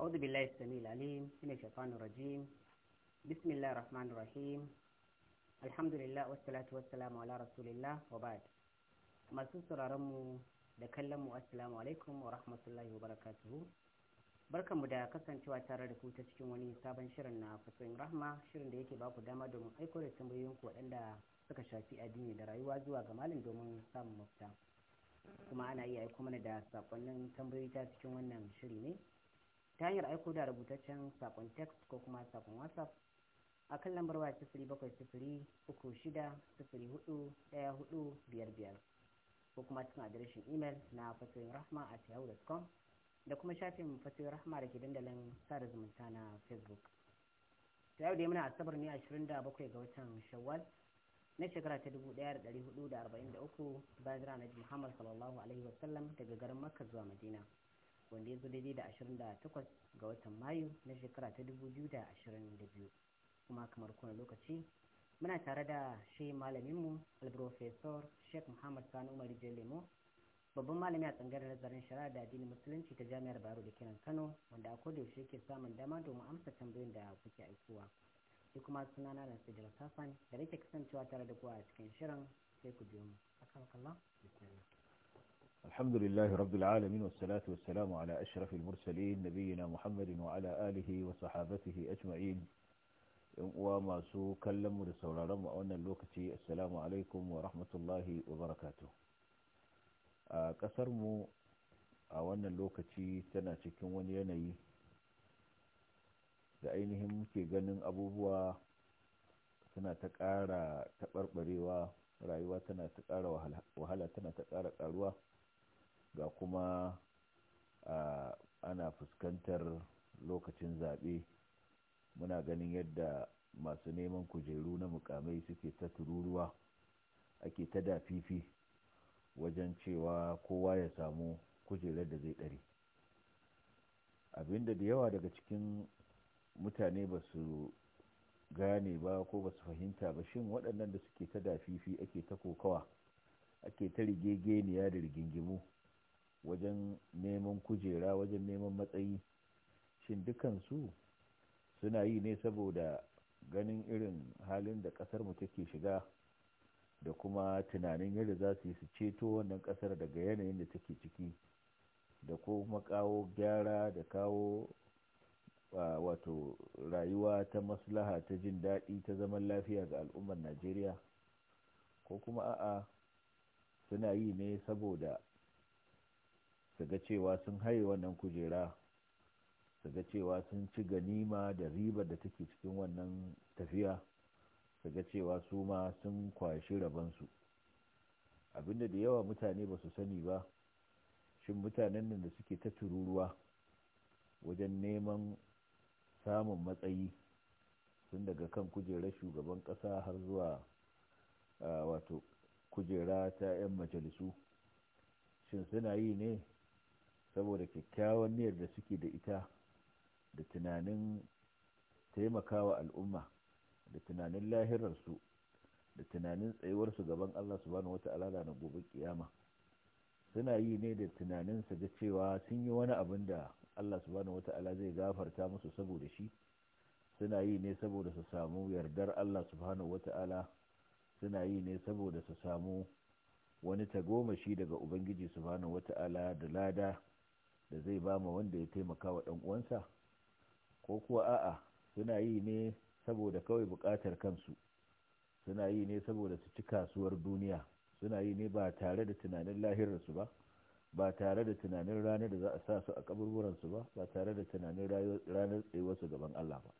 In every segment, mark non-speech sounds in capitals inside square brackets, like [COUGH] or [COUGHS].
أعوذ بالله السميع العليم من الشيطان الرجيم بسم الله الرحمن الرحيم الحمد لله والصلاة والسلام على رسول الله وبعد masu sauraron mu da kallon mu assalamu alaikum wa rahmatullahi wa barakatuhu barkanmu da kasancewa tare da ku ta cikin wani sabon shirin na fasoyin rahma shirin da yake baku dama domin aiko da tambayoyin ku waɗanda suka shafi addini da rayuwa zuwa ga malam domin samun mafita kuma ana iya aiko mana da sakonnin tambayoyi ta cikin wannan shiri ne ta hanyar aiko da rubutaccen sakon text ko kuma sakon whatsapp a kan lambar waya sifiri bakwai sifiri uku shida sifiri hudu daya hudu biyar biyar ko kuma cikin adireshin imel na fatoyin rahma a yahoo.com da kuma shafin fatoyin rahma da ke dandalin sada zumunta na facebook ta yau da muna asabar ne 27 ga watan shawwal na shekara ta dubu 1443 bayan ranar muhammad sallallahu alaihi wasallam daga garin makka zuwa madina wanda ya zo daidai da 28 ga watan mayu na shekara ta da biyu kuma kamar kuna lokaci muna tare da shi malaminmu alprofesor sheikh muhammad sani umar lemo babban malami a tsangar nazarin shari'a da addinin musulunci ta jami'ar bayero da kiran kano wanda a koda yaushe ke samun dama domin amsa tambayoyin da kuke aikowa sai kuma sunana na sidira safan da nake kasancewa tare da kowa a cikin shirin sai ku biyo mu akan kallon الحمد لله رب العالمين والصلاة والسلام على أشرف المرسلين نبينا محمد وعلى آله وصحابته أجمعين وما سو كلم رسول رم وأن اللوكتي السلام عليكم ورحمة الله وبركاته كسرمو أولا اللوكتي تناتك ونيني da ainihin muke ganin abubuwa suna ta ƙara taɓarɓarewa rayuwa tana ta ƙara wahala tana ta ƙara ƙaruwa ga kuma ana fuskantar lokacin zaɓe muna ganin yadda masu neman kujeru na mukamai suke ta tururuwa ake ta dafifi wajen cewa kowa ya samu kujerar da zai ɗari abinda da yawa daga cikin mutane ba su gane ba ko ba su fahimta ba shin waɗannan da suke ta dafifi ake ta kokawa ake ta rigegeniya da rigingimu wajen neman kujera wajen neman matsayi shin dukansu suna yi ne saboda ganin irin halin da kasar mu take shiga da kuma tunanin yadda za su yi su ceto wannan kasar daga yanayin da take ciki da kuma kawo gyara da kawo wato rayuwa ta maslaha ta jin daɗi ta zaman lafiya ga al'ummar najeriya ko kuma a'a suna yi ne saboda su ga cewa sun haye wannan kujera su ga cewa sun ci ganima da ribar da take cikin wannan tafiya su ga cewa su ma sun kwashi rabansu abinda da yawa mutane ba su sani ba shin mutanen nan da suke ta tururuwa wajen neman samun matsayi tun daga kan kujerar shugaban ƙasa har zuwa ah, wato kujera ta 'yan majalisu shin suna yi ne saboda kyakkyawan niyyar da suke da ita da tunanin taimakawa al'umma da tunanin lahirarsu da tunanin tsayuwarsu gaban Allah subhanahu na gobe kiyama suna yi ne da tunanin su ga cewa sun yi wani abin da Allah subhanahu zai gafarta musu saboda shi suna yi ne saboda su samu yardar Allah subhanahu suna yi ne saboda su samu wani tagomashi daga ubangiji subhanahu da lada da zai ba ma wanda ya taimaka wa ɗan uwansa ko kuwa a'a suna yi ne saboda kawai buƙatar kansu suna yi ne saboda su ci kasuwar duniya suna yi ne ba tare da tunanin lahirarsu ba ba tare da tunanin ranar da za a sa su a kaburburansu ba ba tare da tunanin ranar tsayuwarsu gaban Allah ba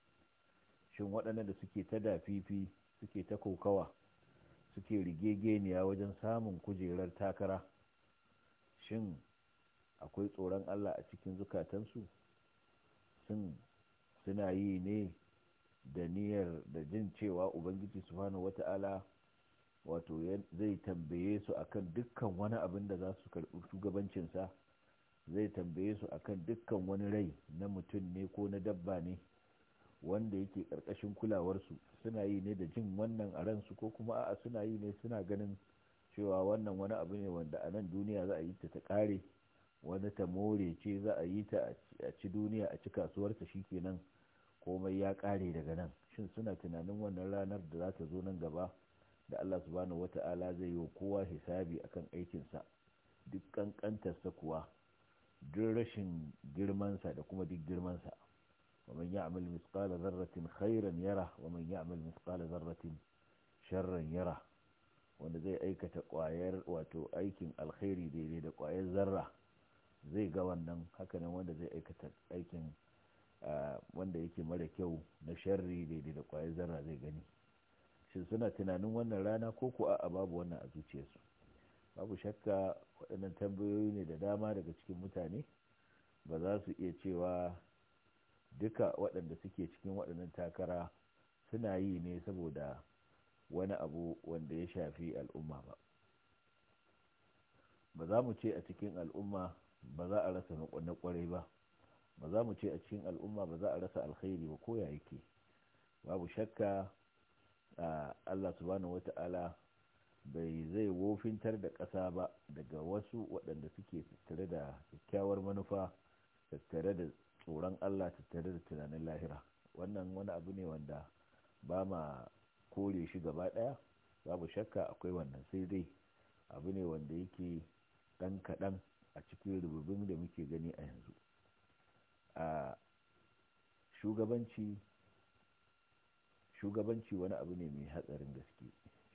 shin waɗannan da suke ta dafifi suke ta kokawa suke rigegeniya wajen samun kujerar takara shin akwai tsoron Allah a cikin zukatansu sun suna yi ne da niyyar da jin cewa ubangiji subhanahu wata'ala wato zai tambaye su akan dukkan wani abin da za su karɓi shugabancinsa zai tambaye su akan dukkan wani rai na mutum ne ko na dabba ne wanda yake ƙarƙashin kulawarsu suna yi ne da jin wannan a ransu ko kuma a'a suna yi ne suna ganin cewa wannan wani abu ne wanda a nan duniya za a yi ta ta ƙare wani ta ce za a yi ta a ci duniya a ci kasuwarta shikenan komai ya kare daga nan shin suna tunanin wannan ranar da za ta zo nan gaba da Allah subhanahu wata'ala zai yi kowa hisabi akan aikinsa duk kankantarsa kuwa duk rashin girmansa da kuma duk girmansa ومن يعمل مثقال ذرة خيرا يره ومن يعمل مثقال ذرة sharran yara wanda zai aikata kwayar wato aikin alkhairi daidai da kwayar zarra zai ga wannan haka hakanan wanda zai aikata aikin wanda yake mara kyau na sharri daidai da kwayar zarra zai gani shin suna tunanin wannan rana ko ko a babu wannan a zuciyarsu babu shakka waɗannan tambayoyi ne da dama daga cikin mutane ba za su iya cewa duka waɗanda suke cikin waɗannan takara suna yi ne saboda wani abu wanda ya shafi al'umma ba ba za mu ce a cikin al'umma ba za a rasa na kwarai ba ba za mu ce a cikin al'umma ba za a rasa alkhairi ba koya ya yake babu shakka a Allah subhanahu wata'ala bai zai wofintar da ƙasa ba daga wasu waɗanda suke tattare da kyakkyawar manufa tattare da tsoron Allah tattare da tunanin lahira wannan wani abu ne wanda ba ma kore shi gaba ɗaya babu shakka akwai wannan sai dai abu ne wanda yake ɗan kaɗan a cikin rububin da muke gani a yanzu a shugabanci shugabanci wani abu ne mai hatsarin gaske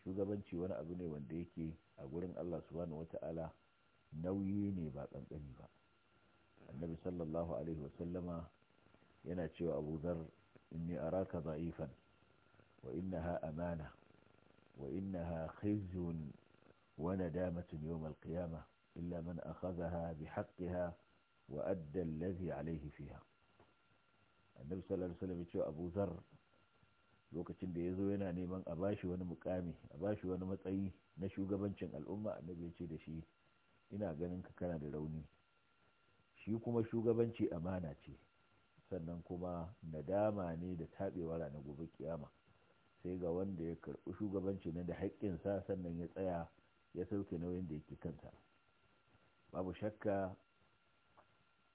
shugabanci wani abu ne wanda yake a gurin Allah subhanahu wata'ala nauyi ne ba tsantsani ba annabi sallallahu alaihi wasallama yana cewa abu zar inni araka za'ifan wa innaha amana wa innaha khizyun wa nadamatun yawm al-qiyamah إلا من أخذها بحقها وأدى الذي عليه فيها النبي صلى الله عليه وسلم يقول أبو ذر lokacin da ya zo yana neman a bashi wani mukami a bashi wani matsayi na shugabancin al'umma annabi ya ce da shi ina ganin ka kana da rauni shi kuma shugabanci amana ce sannan kuma nadama ne da taɓewa ranar gobe kiyama sai ga wanda ya karɓi shugabanci na da haƙƙinsa sannan ya tsaya ya sauke nauyin da yake kansa babu shakka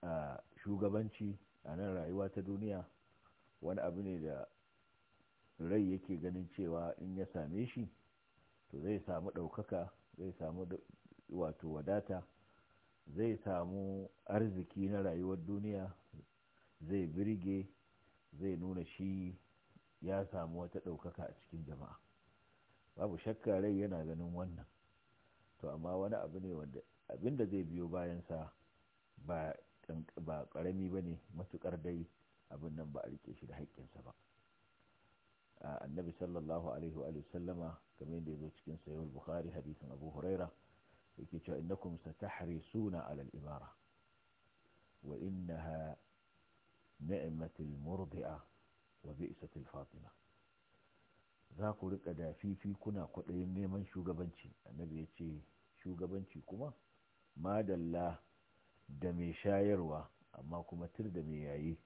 a shugabanci a nan rayuwa ta duniya wani abu ne da rai yake ganin cewa in ya same shi to zai samu ɗaukaka zai samu wato wadata zai samu arziki na rayuwar duniya zai birge zai nuna shi ya samu wata ɗaukaka a cikin jama'a babu shakka rai yana ganin wannan to amma wani abu ne wanda abin da zai biyo bayansa ba ba karami ba ne matuƙar dai abin nan ba a rike shi da haƙƙinsa ba annabi sallallahu alaihi wa sallama kamar yadda cikin sayyid bukhari hadisin abu huraira yake cewa ta satahrisuna suna Alal imara wa innaha ni'matul murdi'a wa bi'satul fatima za ku rika da fifi kuna kwaɗayin neman shugabanci annabi ya ce shugabanci kuma madalla da mai shayarwa amma kuma tur da mai yayi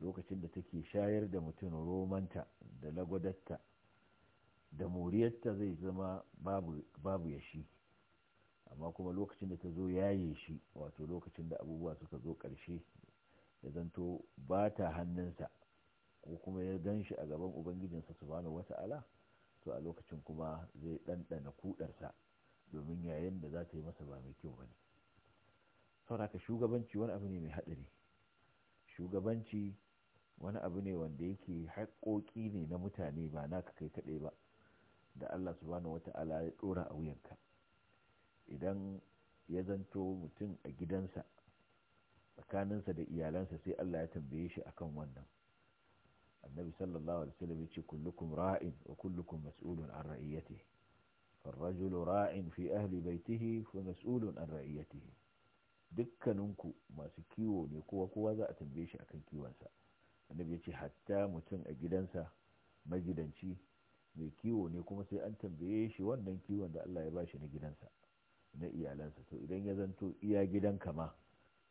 lokacin da take shayar da mutum romanta da lagwadatta da moriyarta zai zama babu ya shi amma kuma lokacin da ta zo yaye shi wato lokacin da abubuwa suka zo ƙarshe ya zanto ba ta hannunsa ko kuma ya gan shi a gaban ubangijinsa su wata wata'ala to a lokacin kuma zai ɗanɗana kudarsa domin yayin da za ta yi masa ba mai kyau ba ne sauraka shugabanci wani abu ne mai haɗari shugabanci wani abu ne wanda yake haƙoƙi ne na mutane ba naka kai kaɗai ba da Allah subhanahu wata'ala ya ɗora a wuyanka idan ya zanto mutum a gidansa tsakaninsa da iyalansa sai Allah ya tambaye shi akan wannan annabi sallallahu alaihi wasallam ya ce kullukum ra'in wa kullukum mas'ulun an ra'iyatihi فالرجل راع في أهل بيته ومسؤول عن رعيته dukkaninku masu kiwo ne kowa kowa za a tambaye shi akan kiwonsa annabi ya ce hatta mutum a gidansa magidanci mai kiwo ne kuma sai an tambaye shi wannan kiwon da Allah ya ba shi na gidansa na iyalansa to idan ya zanto iya gidan kama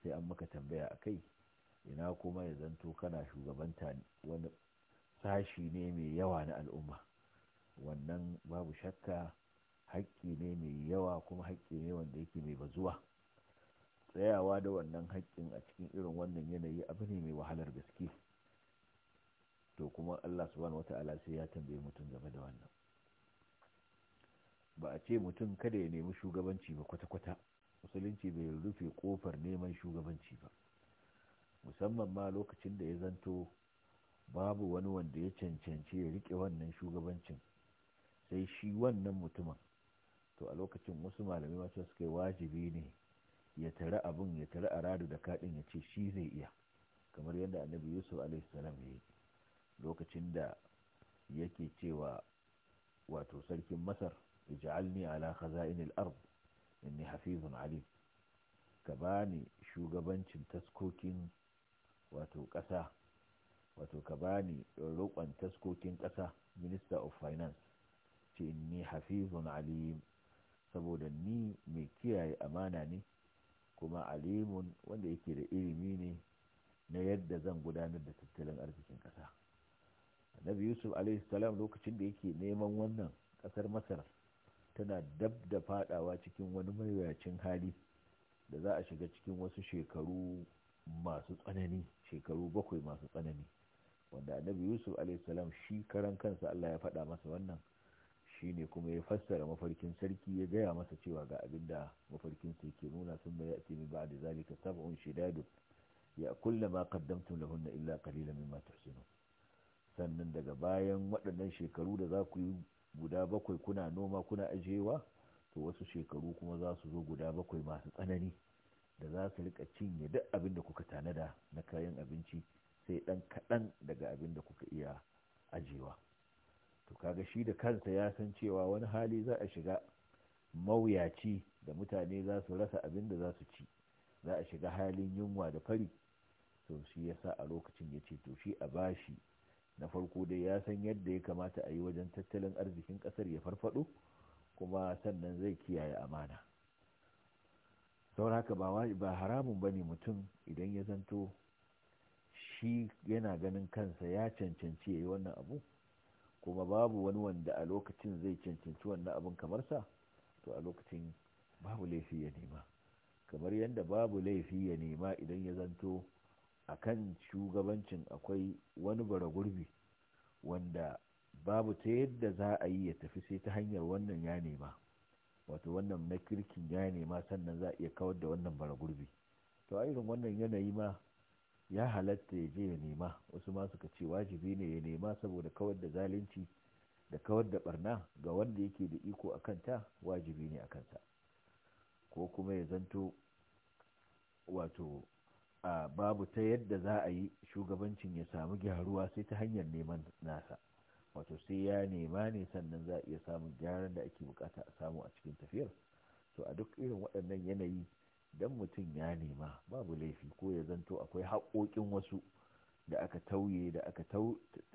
sai an maka tambaya a kai ina kuma ya zanto kana shugabanta wani sashi ne mai yawa na al'umma wannan babu shakka haƙƙi ne mai yawa kuma haƙƙi ne wanda yake mai bazuwa tsayawa da wannan haƙƙin a cikin irin wannan yanayi abu ne mai wahalar gaske to kuma Allah subhanahu wata'ala sai ya tambaye mutum game da wannan ba a ce mutum kada ya nemi shugabanci ba kwata-kwata musulunci bai rufe kofar neman shugabanci ba musamman ma lokacin da ya zanto babu wani wanda ya cancanci ya rike wannan shugabancin sai shi wannan mutumin to a lokacin wasu malamai masu suka yi wajibi ne ya tare abin ya tare a radu da kaɗin ya ce shi zai iya kamar yadda annabi yusuf alaihissalam ya yi lokacin da yake cewa wato sarkin masar ij'alni ala khaza'inil ard inni hafizun alim ka bani shugabancin taskokin wato ƙasa wato ka bani roƙon taskokin ƙasa minister of finance ce inni hafizun ali saboda ni mai kiyaye amana ne kuma alimun wanda yake da ilimi ne na yadda zan gudanar da tattalin arzikin ƙasa annabi yusuf salam lokacin da yake neman wannan ƙasar masar tana dab da fadawa cikin wani mawuyacin hali da za a shiga cikin wasu shekaru masu tsanani shekaru bakwai masu tsanani wanda annabi yusuf salam shi karan kansa allah ya faɗa masa wannan ne kuma ya fassara mafarkin sarki ya gaya masa cewa ga abin da mafarkin sarki yake nuna sun bai yati min da zalika sab'un shidadu ya kulla ma qaddamtum lahunna illa qalilan mata tuhsinun sannan daga bayan waɗannan shekaru da za ku yi guda bakwai kuna noma kuna ajiyewa to wasu shekaru kuma za su zo guda bakwai masu tsanani da za su rika cinye duk abin da kuka tanada na kayan abinci sai ɗan kaɗan daga abin da kuka iya ajiyewa to kaga shi da kansa ya san cewa wani hali za a shiga mawuyaci da mutane za su rasa abin da za su ci za a shiga halin yunwa da fari to shi ya sa a lokacin ya ce to shi a bashi na farko dai ya san yadda ya kamata a yi wajen tattalin arzikin kasar ya farfado kuma sannan zai kiyaye amana saura haka ba haramun ba ne mutum idan ya zanto shi yana ganin kansa ya cancanci ya yi wannan abu kuma babu wani wanda a lokacin zai cancanci wannan abin kamar sa to a lokacin babu laifi ya nema kamar yadda babu laifi ya nema idan ya zanto a kan shugabancin akwai wani bara gurbi wanda babu ta yadda za a yi ya tafi sai ta hanyar wannan ya nema wato wannan na kirkin ya nema sannan za a iya kawar da wannan bara gurbi to a irin wannan yanayi ma ya halatta ya je ya nema wasu ma suka ce wajibi ne ya nema saboda kawar da zalunci da kawar da barna ga wanda yake da iko a kanta wajibi ne a kansa ko kuma ya zanto wato a babu ta yadda za a yi shugabancin ya samu gyaruwa sai ta hanyar neman nasa wato sai ya nema ne sannan za a iya samun gyaran da ake bukata a samu a cikin tafiyar to a duk irin waɗannan yanayi Idan mutum ya nema babu laifi ko ya zanto akwai haƙoƙin wasu da aka tauye da aka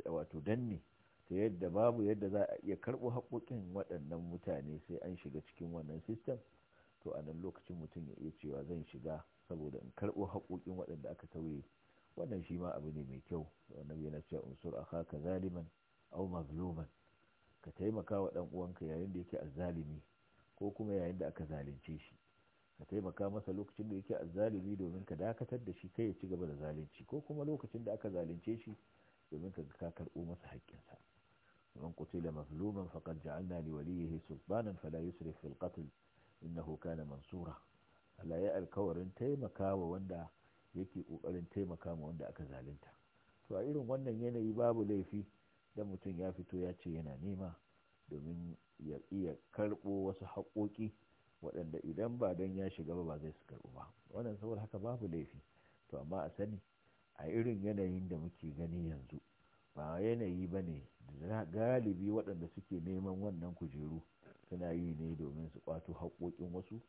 wato danne ta yadda babu yadda za a iya karɓo haƙoƙin waɗannan mutane sai an shiga cikin wannan sistem to a nan lokacin mutum ya iya cewa zan shiga saboda in karɓo haƙoƙin waɗanda aka tauye wannan shi ma abu ne mai kyau annabi yana cewa unsur haka zaliman au mazluman ka taimaka wa ɗan uwanka yayin da yake azzalimi ko kuma yayin da aka zalunce shi ka taimaka masa lokacin da yake azzalimi domin ka dakatar da shi kai ya ci gaba da zalunci ko kuma lokacin da aka zalunce shi domin ka ka karɓo masa haƙƙinsa man qutila mazluman faqad ja'alna li waliyihi sulbanan fala yusrif fil qatl innahu kana mansura Allah ya alkawarin wa wanda yake kokarin taimaka ma wanda aka zalunta to a irin wannan yanayi babu laifi dan mutum ya fito ya ce yana nema domin ya iya karɓo wasu haƙoƙi waɗanda idan ba don ya shiga ba zai su karɓu ba wannan saboda haka babu laifi to amma a sani a irin yanayin da muke gani yanzu ba yanayi ba ne galibi waɗanda suke neman wannan kujeru suna yi ne domin su ɓato haƙoƙin wasu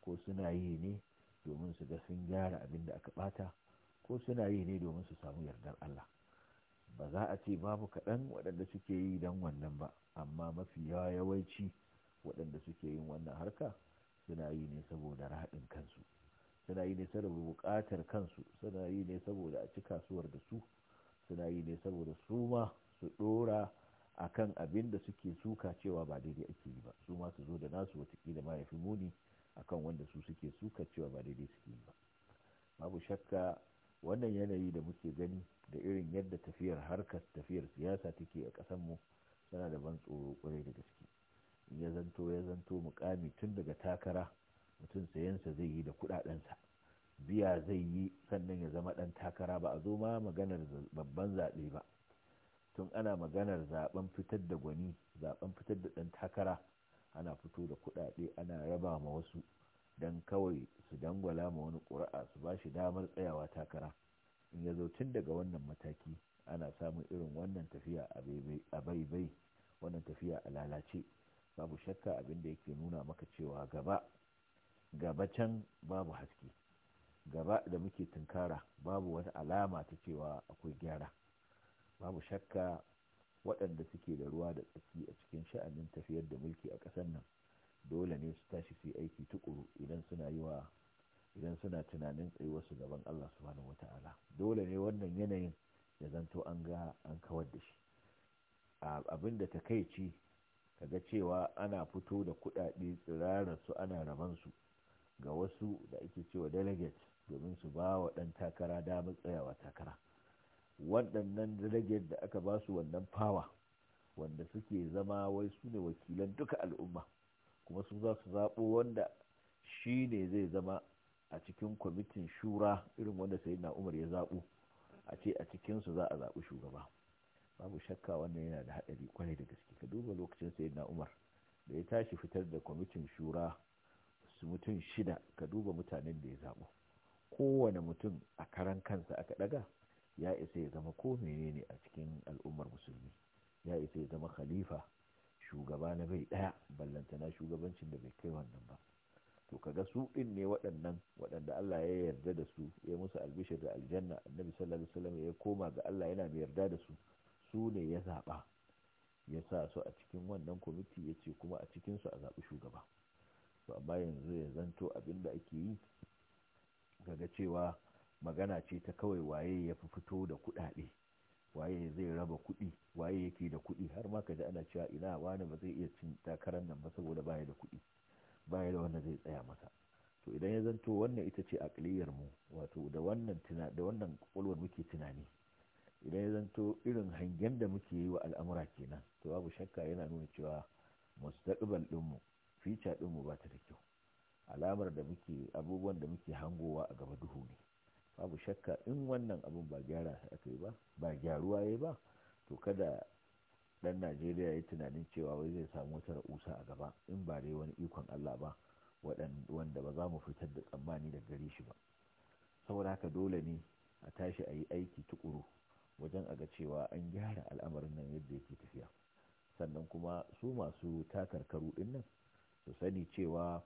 ko suna yi ne domin su ga sun gyara abin da aka ɓata ko suna yi ne domin su samu yardar Allah ba za a ce babu kaɗan waɗanda suke yi don wannan ba amma mafi yawa yawanci waɗanda suke yin wannan harka suna yi ne saboda raɗin kansu suna yi ne saboda buƙatar kansu suna yi ne saboda a ci kasuwar da su suna yi ne saboda su ma su ɗora a kan abin da suke suka cewa ba daidai ake yi ba su ma su zo da nasu watakila ma ya fi muni a kan wanda su suke suka cewa ba daidai suke yi ba babu shakka wannan yanayi da muke gani da irin yadda tafiyar harkar tafiyar siyasa take a mu tana da ban tsoro kwarai da gaske ya zanto ya zanto mukami tun daga takara mutum sayansa zai yi da kudadensa biya zai yi sannan ya zama dan takara ba a zo ma maganar babban zaɓe ba tun ana maganar zaben fitar da gwani zaben fitar da dan takara ana fito da kudade ana raba ma wasu don kawai su dangwala ma wani ƙuri'a su ba shi damar tsayawa takara in ya zo tun daga wannan mataki ana samun irin wannan tafiya a baibai wannan tafiya a lalace babu shakka abin da yake nuna maka cewa gaba gaba can babu haske gaba da muke tunkara babu wata alama ta cewa akwai gyara babu shakka waɗanda suke da ruwa da tsaki a cikin sha'anin tafiyar da mulki a ƙasar nan dole ne su tashi su yi aiki tukuru idan suna yi wa idan suna tunanin tsayuwar su gaban Allah subhanahu wata'ala dole ne wannan yanayin ya zanto an ga an kawar da shi abin da takaici kaga cewa ana fito da kuɗaɗe tsirarar su ana raban su ga wasu da ake cewa delegates domin su ba wa ɗan takara damar tsayawa takara waɗannan delegates da aka ba su wannan power wanda suke zama wai su ne wakilan duka al'umma kuma su za su zaɓo wanda shi ne zai zama a cikin kwamitin shura irin wanda sai na umar ya zaɓo a ce a cikinsu za a zaɓi shugaba babu shakka wannan yana da haɗari kwarai da gaske ka duba lokacin na umar da ya tashi fitar da kwamitin shura su mutum shida ka duba mutanen da ya zaɓo kowane mutum a karan kansa aka ɗaga ya isa ya zama ko ne a cikin al'ummar musulmi ya isa ya zama khalifa shugaba na bai ɗaya ballantana shugabancin da bai kai wannan ba to kaga su ɗin ne waɗannan waɗanda Allah ya yarda da su ya musu albishir da aljanna annabi sallallahu alaihi wasallam ya koma ga Allah yana mai yarda da su su ne ya zaɓa ya sa su a cikin wannan kwamiti ya ce kuma a cikinsu a zaɓi shugaba to amma yanzu ya zanto abin da ake yi ga cewa magana ce ta kawai waye ya fi fito da kuɗaɗe waye zai raba kuɗi waye yake da kuɗi har ma ka ji ana cewa ina wani ba zai iya cin takarar nan ba saboda baya da kuɗi baya da wanda zai tsaya masa to idan ya zanto wannan ita ce akliyar mu wato da wannan da wannan muke tunani idan ya zanto irin hangen da muke yi wa al'amura kenan to babu shakka yana nuna cewa mustaqbal ɗinmu fica ɗinmu ba ta da kyau alamar da muke abubuwan da muke hangowa a gaba duhu ne babu shakka in wannan abun ba gyara aka yi ba ba gyaruwa yayi ba to kada dan najeriya ya tunanin cewa wai zai samu wata ra'usa a gaba in ba dai wani ikon allah ba wanda ba za mu fitar da tsammani da gare shi ba saboda haka dole ne a tashi a yi aiki tukuru wajen a ga cewa an gyara al'amarin nan yadda yake tafiya sannan kuma su masu takarkaru din nan su sani cewa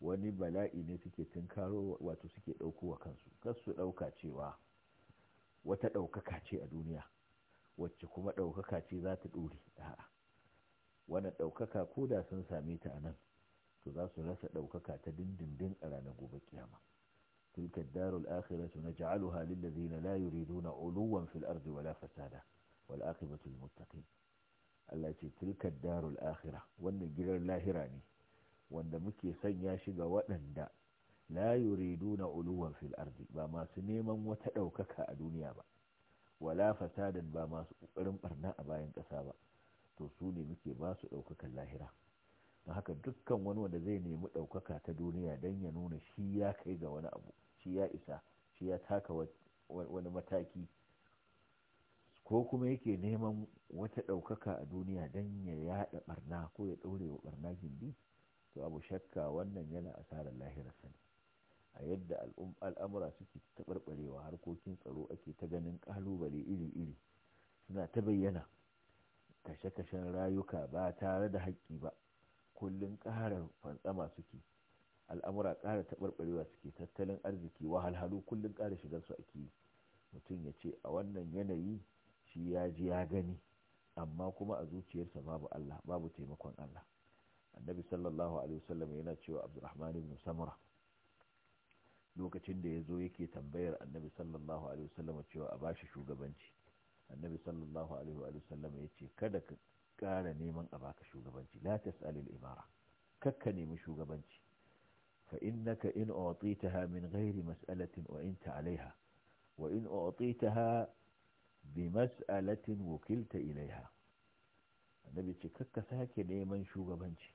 wani bala'i ne suke tunkaro wato suke ɗauko wa kansu kar su ɗauka cewa wata ɗaukaka ce a duniya wacce kuma ɗaukaka ce za ta ɗore a'a Wani ɗaukaka ko da sun same ta a nan to za su rasa ɗaukaka ta dindindin a ranar gobe kiyama تلك الدار الآخرة نجعلها للذين لا يريدون علوا في الأرض ولا فسادا والآخرة المتقين Allah ce tilka darul akhira wannan gidan lahira ne wanda muke sanya shi ga waɗanda la yuriduna uluwan fil ba masu neman wata ɗaukaka a duniya ba wala fasadan ba masu ƙoƙarin barna a bayan ƙasa ba to su ne muke basu su lahira don haka dukkan wani wanda zai nemi ɗaukaka ta duniya don ya nuna shi ya kai ga wani abu shi ya isa shi ya taka wani mataki ko kuma yake neman wata ɗaukaka a duniya don ya yaɗa ɓarna ko ya ɗaure wa ɓarna gindi to abu shakka wannan yana asarar lahirar sani. a yadda al'amura suke taɓarɓarewa harkokin tsaro ake ta ganin ƙalubale iri-iri suna ta bayyana kashe-kashen rayuka ba tare da haƙƙi ba kullum ƙara fantsama suke al'amura ƙara taɓarɓarewa suke tattalin arziki wahalhalu kullum ƙara shigar su ake mutum ya ce a wannan yanayi shi ya ji ya gani amma kuma a zuciyarsa babu Allah babu taimakon Allah annabi sallallahu alaihi wasallam yana cewa abdurrahman ibn samura lokacin da ya zo yake tambayar annabi sallallahu alaihi wasallam cewa a bashi shugabanci annabi sallallahu alaihi wasallam ya ce kada ka ƙara neman a baka shugabanci la tas'alil imara kakka nemi shugabanci Ka فإنك إن أعطيتها من غير مسألة وإنت عليها وإن أعطيتها mas'alatin وكلت ilaiha. annabi ce kakka sake neman shugabanci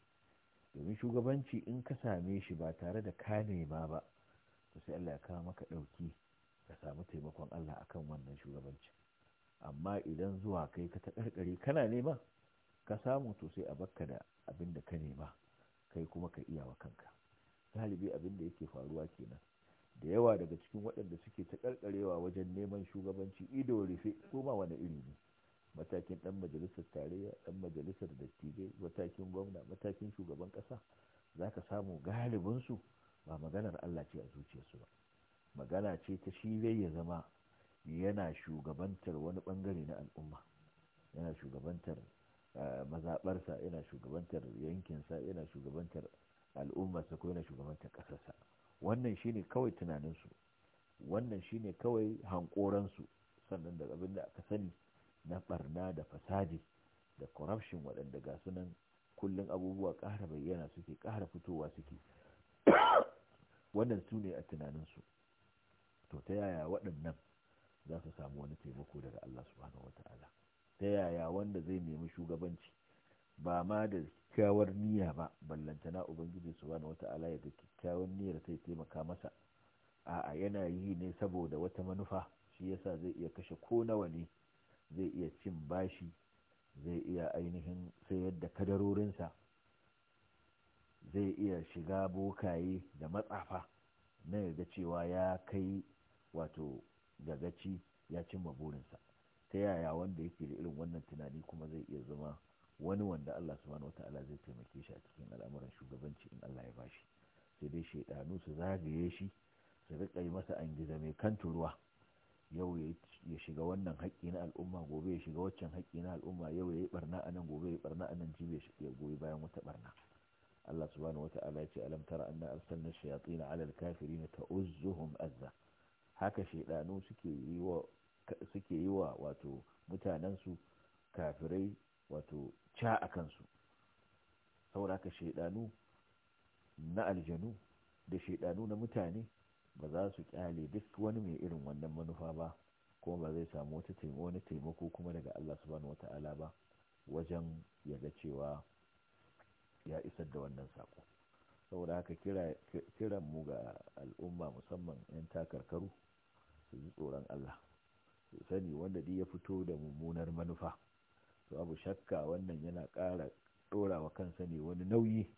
domin shugabanci in ka same shi ba tare da ka nema ba to sai Allah maka ɗauki ka samu taimakon Allah akan wannan shugabanci amma idan zuwa kai ka ta karkare kana nema ka samu sosai sai a bakka da abin da ka nema kai kuma ka iya wa kanka galibi abin da yake faruwa kenan da yawa daga cikin waɗanda suke ta karkarewa wajen neman shugabanci ido rufe ko ma wani iri ne matakin ɗan majalisar tarayya ɗan majalisar dattijai matakin gwamna matakin shugaban ƙasa za ka samu galibinsu ba maganar allah ce a zuciyarsu ba magana ce ta shi zai ya zama yana shugabantar wani ɓangare na al'umma yana shugabantar eh, mazaɓarsa yana shugabantar yankinsa yana shugabantar al'ummarsa ko yana shugabantar kasarsa wannan shine kawai tunaninsu wannan shine kawai hankoransu sannan da abin da aka sani na barna da fasadi da corruption waɗanda ga sunan kullum abubuwa ƙara bayyana suke ƙara fitowa suke wannan su ne a tunaninsu to ta yaya waɗannan za su samu wani taimako daga Allah subhanahu wa ta'ala ta yaya wanda zai nemi shugabanci ba ma da kyakkyawar niyya ba ballantana ubangiji su wata wata ya da kyakkyawar niyyar sai taimaka masa a'a yana yi ne saboda wata manufa shi yasa zai iya kashe ko nawa ne zai iya cin bashi zai iya ainihin sayar da kadarorinsa zai iya shiga bokaye da matsafa na yarda cewa ya kai wato gagaci ya cimma burinsa ta yaya wanda yake da irin wannan tunani kuma zai iya zama wani wanda Allah subhanahu wata'ala zai taimake shi a cikin al'amuran shugabanci in Allah ya bashi sai dai shaidanu su zagaye shi su rika yi masa an gizo mai kan turuwa yau ya shiga wannan haƙƙi na al'umma gobe ya shiga waccan haƙƙi na al'umma yau ya yi barna anan nan gobe ya yi barna a nan jibi ya goyi bayan wata barna Allah subhanahu wata'ala ya ce alam tara anna arsalna shayatin ala al-kafirin ta'uzzuhum azza haka shaidanu suke yi wa suke yi wa wato su kafirai wato ca a kansu saboda haka shaidanu na aljanu da shaidanu na mutane ba za su kyale duk wani mai irin wannan manufa ba kuma ba zai samu wata wani taimako kuma daga Allah subhanahu wata'ala ba wajen ya cewa ya isar da wannan sako saboda haka kiran mu ga al'umma musamman 'yan takarkaru su ji tsoron Allah sani wanda duk ya fito da mummunar manufa to abu shakka wannan yana ƙara ɗorawa kansa ne wani nauyi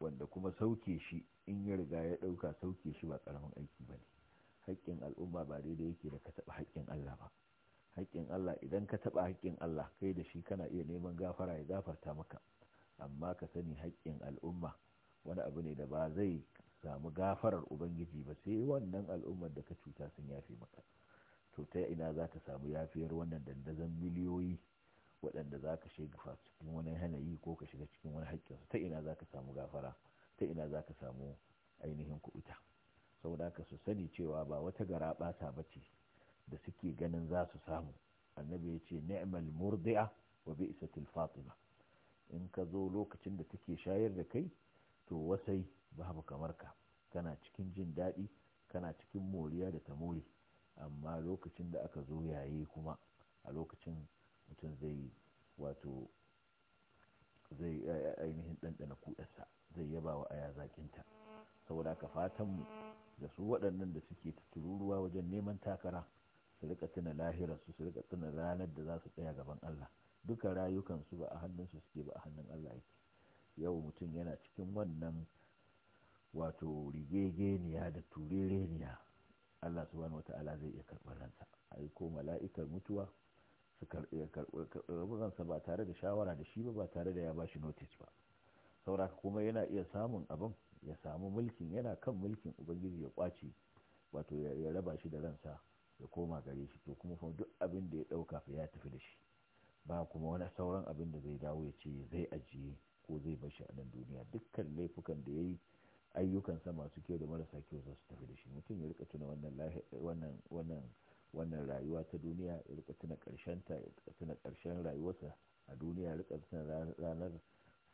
wanda kuma sauke shi in ya riga ya ɗauka sauke shi ba ƙaramin aiki ba ne haƙƙin al'umma ba daidai yake da ka taɓa haƙƙin Allah ba haƙƙin Allah idan ka taɓa haƙƙin Allah kai da shi kana iya neman gafara ya gafarta maka amma ka sani haƙƙin al'umma wani abu ne da ba zai samu gafarar ubangiji ba sai wannan al'ummar da ka cuta sun yafe maka to ta ina za ta samu yafiyar wannan dandazon miliyoyi waɗanda za ka shiga cikin wani hanayi ko ka shiga cikin wani haƙƙinsu ta ina za ka samu gafara ta ina za ka samu ainihin kuɓuta saboda haka su sani cewa ba wata gara ɓata ba ce da suke ganin za su samu annabi ya ce ni'mal murdi'a wa bi'satil fatima in ka zo lokacin da take shayar da kai to wasai babu kamar ka kana cikin jin daɗi kana cikin moriya da ta amma lokacin da aka zo yaye kuma a lokacin mutum zai wato zai eh, eh, ainihin ɗanɗana kuɗarsa zai yaba wa aya zaƙinta saboda haka fatan da su waɗannan da suke tururuwa wajen neman takara su rika tuna lahirar su rika tuna ranar da za su tsaya gaban Allah duka rayukansu ba a hannunsu suke ba a hannun Allah yake yau mutum yana cikin wannan wato rigegeniya da turereniya Allah subhanahu wata'ala zai iya karɓar ransa ai ko mala'ikar mutuwa su karɓi ba tare da shawara da shi ba ba tare da ya ba shi notice ba sauraka kuma yana iya samun abin ya samu mulkin yana kan mulkin ubangiji ya kwace wato ya raba shi da ransa ya koma gare shi to kuma fa duk abin da ya ɗauka fa ya tafi da shi ba kuma wani sauran abin da zai dawo ya ce zai ajiye ko zai bar shi a nan duniya dukkan laifukan da ya yi ayyukansa masu kyau da marasa kyau za su tafi da shi mutum ya rika tuna wannan wannan wannan wannan rayuwa ta duniya ya rika tuna ta ya tuna ƙarshen rayuwarsa a duniya ya rika tuna ranar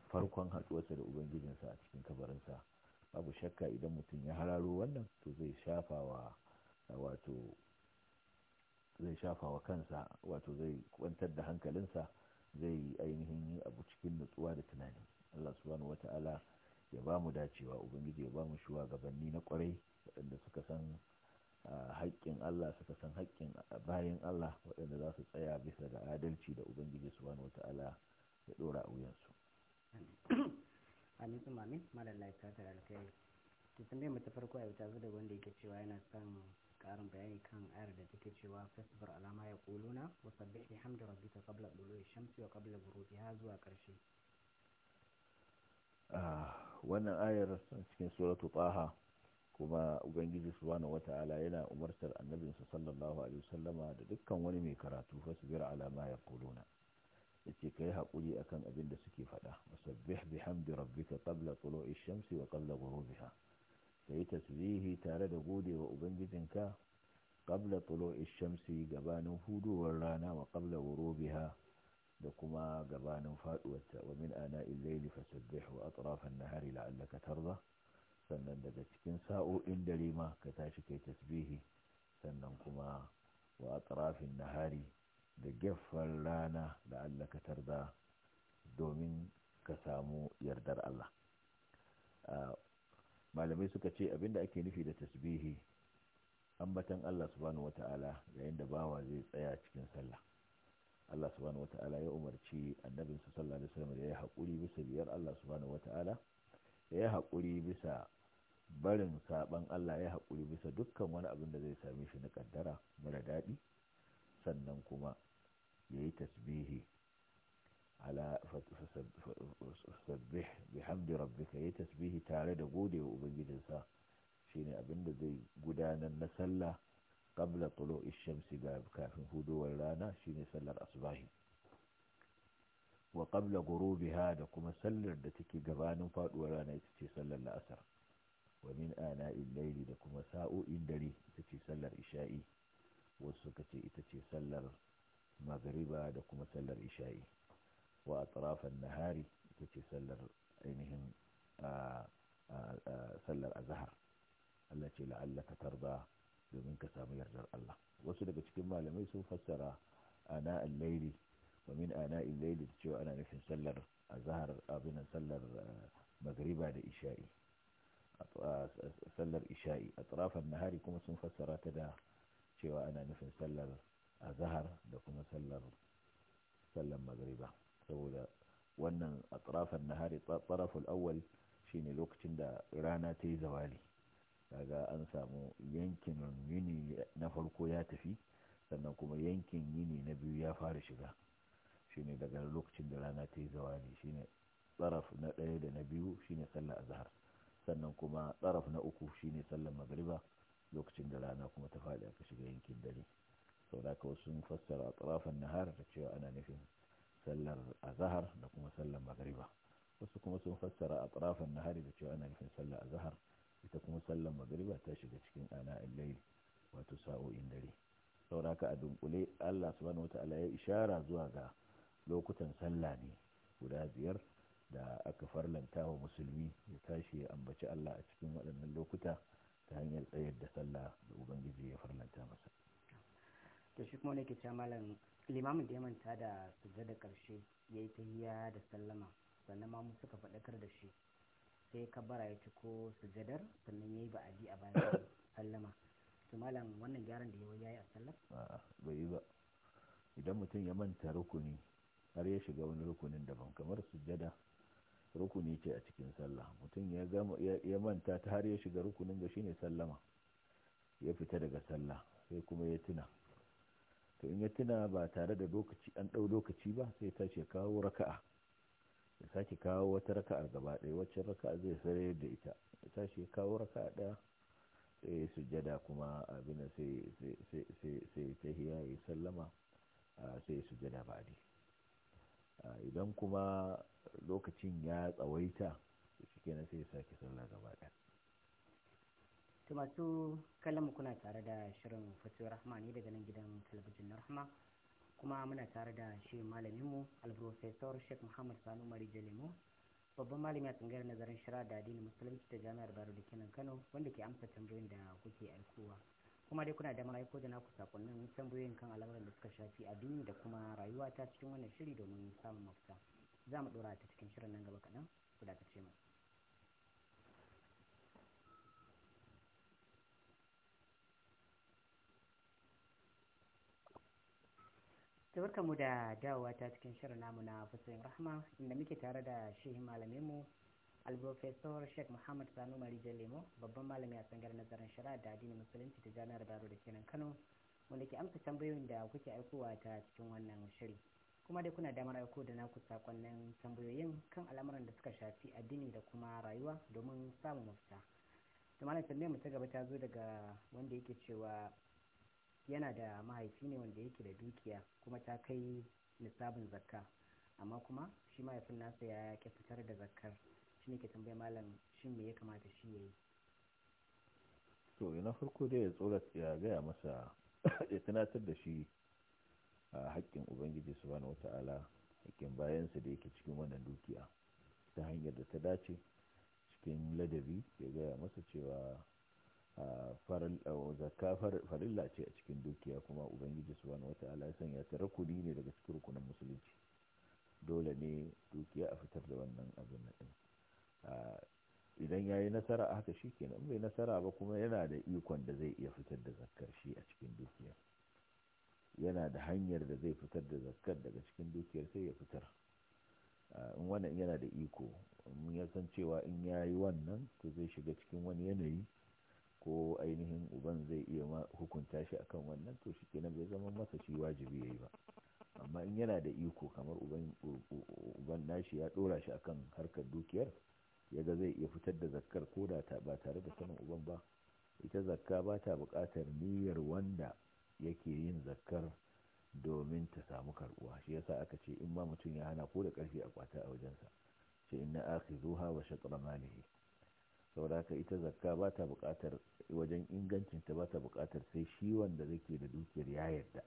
farkon haɗuwarsa da ubangijinsa a cikin kabarinsa babu shakka idan mutum ya hararo wannan to zai shafa wa wato zai shafa wa kansa wato zai kwantar da hankalinsa zai ainihin yi abu cikin nutsuwa da tunani Allah subhanahu wata'ala ya ba mu dacewa ubangiji ya ba mu gabanni na kwarai waɗanda suka san haƙƙin Allah suka san haƙƙin bayan Allah waɗanda za su tsaya bisa ga adalci da Ubangiji subhanahu wata'ala ya ɗora a wuyansu. Amin kuma amin malam ta da alkhairi. To tambayar mu ta farko a yau ta da wanda yake cewa yana son ƙarin bayani kan ayar da take cewa fasbar alama ya kuluna wa sabbih rabbi ta qabla ya shamsi wa qabla ha zuwa ƙarshe. Ah, wannan ayar cikin suratu taha kuma ubangiji subhanahu wata'ala yana umartar annabinsa sallallahu alaihi wasallama da dukkan wani mai karatu fasbir ala ma yaquluna yace kai hakuri akan abin da suke faɗa wasabbih bihamdi rabbika qabla tulu'i shamsi wa qabla ghurubiha kai tasbihi tare da gode wa ubangijinka qabla tulu'i shamsi gabanin huduwar rana wa qabla ghurubiha da kuma gabanin faduwarta wa min ana'il layli fasabbih wa atrafan nahari la'allaka tarda sannan daga cikin sa'o'in dare ma ka tashi kai tasbihi sannan kuma wa atrafin nahari da gefen rana da Allah ka tarda domin ka samu yardar Allah malamai suka ce abinda ake nufi da tasbihi ambatan Allah subhanahu wata'ala yayin da bawa zai tsaya cikin sallah Allah subhanahu wata'ala ya umarci annabinsa sallallahu alaihi wasallam ya haƙuri bisa biyar Allah subhanahu wata'ala ya haƙuri bisa barin saɓan Allah ya haƙuri bisa dukkan wani abin da zai same shi na ƙaddara mara daɗi sannan kuma ya yi tasbihi ala rabbika ya yi tasbihi tare da gode wa ubangijinsa shine abin da zai gudanar na sallah qabla tulu'i shamsi kafin hudowar rana shine sallar asbahi wa qabla Gurubiha da kuma sallar da take gabanin faduwar rana ita ce sallar la'asar wa min ana'il layli da kuma sa'o'in dare ita ce sallar isha'i wasu suka ce ita ce sallar magariba da kuma sallar isha'i wa atrafan nahari ita ce sallar ainihin sallar azahar Allah ce la'allaka tarda domin ka samu yardar Allah wasu daga cikin malamai sun fassara ana al ومن آناء الليل تشو أنا نفس سلر أزهر أبنا سلر آه، مغربة لإشائي آه، سلر إشائي أطراف النهار كما سنفسر تدا تشو أنا نفس سلر أزهر لكما سلر سلم مغربة سولا وأن أطراف النهار طرف الأول شين الوقت عند رانا تي هذا كاغا أنسى مو ينكن يني نفرقو ياتفي سنكم ينكن يني نبي يا فارشغا shine daga lokacin da rana ta yi zawani shine tsaraf na ɗaya da na biyu shine sallar azhar sannan kuma tsaraf na uku shine sallar magriba lokacin da rana kuma ta faɗi aka shiga yankin dare sau da wasu sun fassara atrafan nahar da cewa ana nufin sallar azhar da kuma sallar magriba wasu kuma sun fassara a atrafan nahari da cewa ana nufin sallar azhar ita kuma sallar magriba ta shiga cikin ana al wato sa'o'in dare sauraka a dunkule Allah subhanahu ta'ala ya ishara zuwa ga lokutan sallah ne guda biyar da aka farlanta wa musulmi ya tashi ya ambaci Allah a cikin waɗannan lokuta ta hanyar tsayar da sallah da ubangiji ya farlanta masa to shi kuma ne ke malam limamin da ya manta da sujjada yi ta hiya da sallama sannan ma mu suka faɗakar da shi sai kabara ya ko sujjadar sannan ya yi ba'adi a bayan [COUGHS] sallama to malam wannan gyaran da ya yi a sallar bai yi ba idan mutum ya manta rukuni har ya shiga wani rukunin daban kamar sujada rukuni ce a cikin sallah mutum ya gama ya manta ta har ya shiga rukunin ga shine sallama ya fita daga sallah sai kuma ya tuna to in ya tuna ba tare da lokaci an dau lokaci ba sai ta ce kawo raka'a ya sake kawo wata raka'a gaba ɗaya wacce raka'a zai sare da ita ya tashi kawo raka'a ɗaya sai ya sujjada kuma abin sai sai sai sai ta hiya ya sallama sai ya sujjada ba'adi idan kuma lokacin ya tsawaita shi na sai ya sake sallah gaba ɗaya masu kallon kuna tare da shirin fatuwar rahma ne daga nan gidan talabijin na rahma kuma muna tare da shi malaminmu alprofesor sheikh muhammad sanu mari jalimu babban malami a tsangayar nazarin shara da adinin musulunci da jami'ar bayero da kenan kano wanda ke amsa tambayoyin da kuke aikowa kuma dai kuna da ko da naku sakonnin tambayoyin kan al'amuran da suka shafi addini da kuma rayuwa ta cikin wannan shiri domin samun mafita za mu ɗora ta cikin shirin nan gaba kaɗan ku kace mu tabarka mu da dawowa ta cikin shirin namu na fasayin Rahma, inda muke tare da malamin mu alprofesor sheikh muhammad sanu marijan lemo babban malami a tsangar nazarin shari'a da addinin musulunci ta jami'ar baro da kenan kano wanda ke amsa tambayoyin da kuke aikowa ta cikin wannan shiri kuma dai kuna damar aiko da naku sakonnin tambayoyin kan al'amuran da suka shafi addini da kuma rayuwa domin samun mafita da malam tambayar mu ta gaba ta zo daga wanda yake cewa yana da mahaifi ne wanda yake da dukiya kuma ta kai nisabin zakka amma kuma shi mahaifin nasa ya ke fitar da zakkar shi ne ke tambayi malam shin me ya kamata shi ya yi to na farko dai ya tsorat ya gaya masa [COUGHS] ya tunatar da shi a haƙƙin ubangiji subhanahu wata'ala haƙƙin bayansa da yake cikin wannan dukiya ta hanyar da ta dace cikin ladabi ya gaya masa cewa zakka farilla ce a cikin dukiya kuma ubangiji subhanahu wata'ala ya sanya ta rukuni ne daga cikin rukunin musulunci dole ne dukiya a fitar da wannan abin na nan Eh, idan ya yi nasara a haka shikenan bai nasara ba kuma yana da ikon da zai iya fitar da zakkar shi a cikin dukiyar yana da hanyar da zai fitar da zakar daga cikin dukiyar sai ya fitar eh, in wannan yana da iko in ya san cewa in ya yi wannan to zai shiga cikin wani yanayi ko ainihin uban zai iya hukunta shi akan wannan to shi kenan bai zama masa shi wajibi ya yi ba amma in yana da iko kamar uban nashi ya ɗora shi akan harkar dukiyar yaga zai iya fitar da zakkar ko da ba tare da sanin uban ba ita zakka ba ta buƙatar niyyar wanda yake yin zakkar domin ta samu karbuwa shi yasa aka ce in ma mutum ya hana ko da ƙarfi a kwata a wajensa ce inna akhizuha wa shaqra malihi saboda haka ita zakka ba ta buƙatar wajen ingancinta ba ta buƙatar sai shi wanda zake da dukiyar ya yarda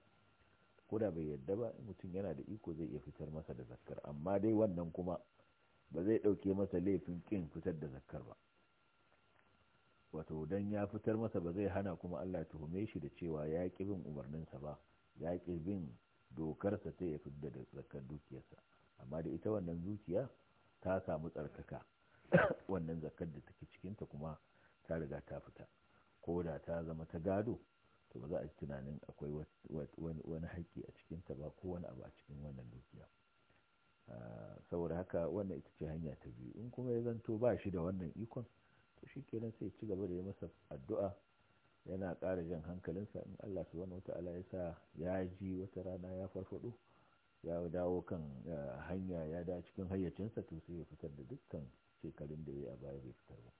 ko da bai yarda ba mutum yana da iko zai iya fitar masa da zakkar amma dai wannan kuma ba zai ɗauke masa laifin ƙin fitar da zakkar ba wato don ya fitar masa ba zai hana kuma Allah tuhume shi da cewa ya ƙi bin umarninsa ba ya ƙi bin dokarsa sai ya fitar da zakkar dukiyarsa amma da ita wannan dukiya ta samu tsarkaka [COUGHS] wannan zakar da take cikinta kuma ta riga ta fita ko da ta zama ta gado to ba za a ji tunanin akwai wani haƙƙi a cikinta ba ko wani abu a cikin wannan dukiya saboda haka wannan ita ce hanya ta biyu in kuma ya zanto ba shi da wannan ikon to shi kenan sai ci gaba da ya masa addu'a yana ƙara jan hankalinsa in Allah su wata wata'ala ya sa ya ji wata rana ya farfaɗo ya dawo kan eh, hanya ya da cikin hayyacinsa to sai ya fitar da dukkan shekarun da ya yi a baya bai fitar ba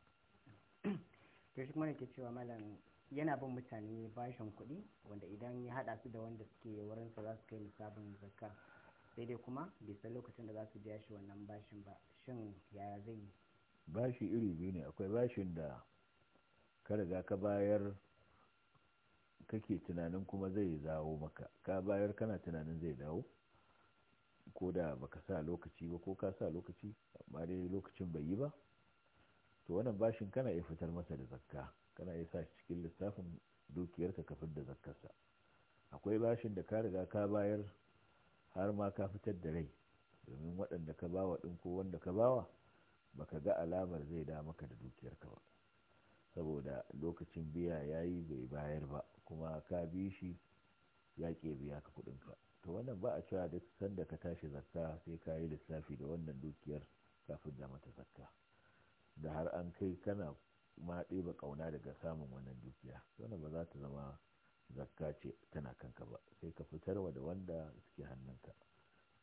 to shi ke cewa malam yana bin mutane bashin kuɗi wanda idan ya haɗa su da wanda suke wurinsa za su kai lissafin zakka sai dai kuma bai san lokacin da za su biya shi wannan bashin ba shin yaya zai yi bashi iri biyu ne akwai bashin da ka riga ka bayar kake tunanin kuma zai dawo maka ka bayar kana tunanin zai dawo ko da baka sa lokaci ba ko ka sa lokaci amma dai lokacin bai yi ba to wannan bashin kana iya fitar masa da zakka kana iya sa cikin lissafin dukiyarka kafin da zakkarsa akwai bashin da ka riga ka bayar har ma ka fitar da rai domin waɗanda ka bawa ɗin ko wanda ka bawa baka ga alamar zai da maka da dukiyarka ba saboda lokacin biya ya yi bai bayar ba kuma ka bi shi ya ke biya ka kuɗin ka. to wannan ba a cewa duk sanda ka tashi zakka sai ka yi lissafi da wannan dukiyar kafin da mata zakka da har an kai kana ma ɗeba ƙauna daga samun wannan dukiya wannan ba za ta zama zakka ce tana kanka ba sai ka fitarwa da wanda suke hannunka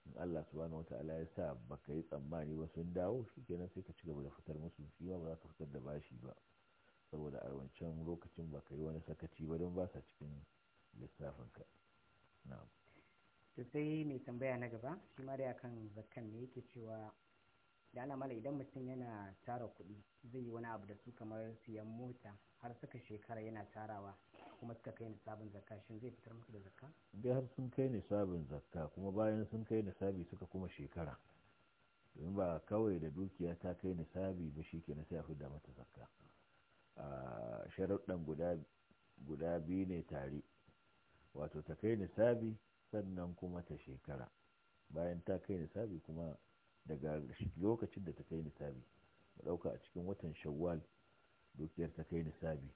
in Allah subhanahu wata'ala ya sa baka yi tsammani ba sun dawo shikenan sai ka ci gaba da fitar musu shi ba za ka fitar da bashi ba saboda a wancan lokacin ba ka yi wani sakaci ba don ba sa cikin lissafinka na'am to sai mai tambaya na gaba shi ma ya kan zakkan ne yake cewa da ana mala idan mutum yana tara kuɗi zai yi wani abu da su kamar siyan mota har suka shekara yana tarawa kuma suka kai nisabin zakka shin zai fitar musu da zakka dai har sun kai nisabin zakka kuma bayan sun kai nisabi suka kuma shekara domin ba kawai da dukiya ta kai nisabi ba shi kenan sai a fidda mata zakka a sharuɗan guda guda biyu ne tare wato ta kai nisabi sannan kuma ta shekara bayan ta kai nisabi kuma daga lokacin da ta kai nisabi mu ɗauka a cikin watan shawwal dukiyar ta kai nisabi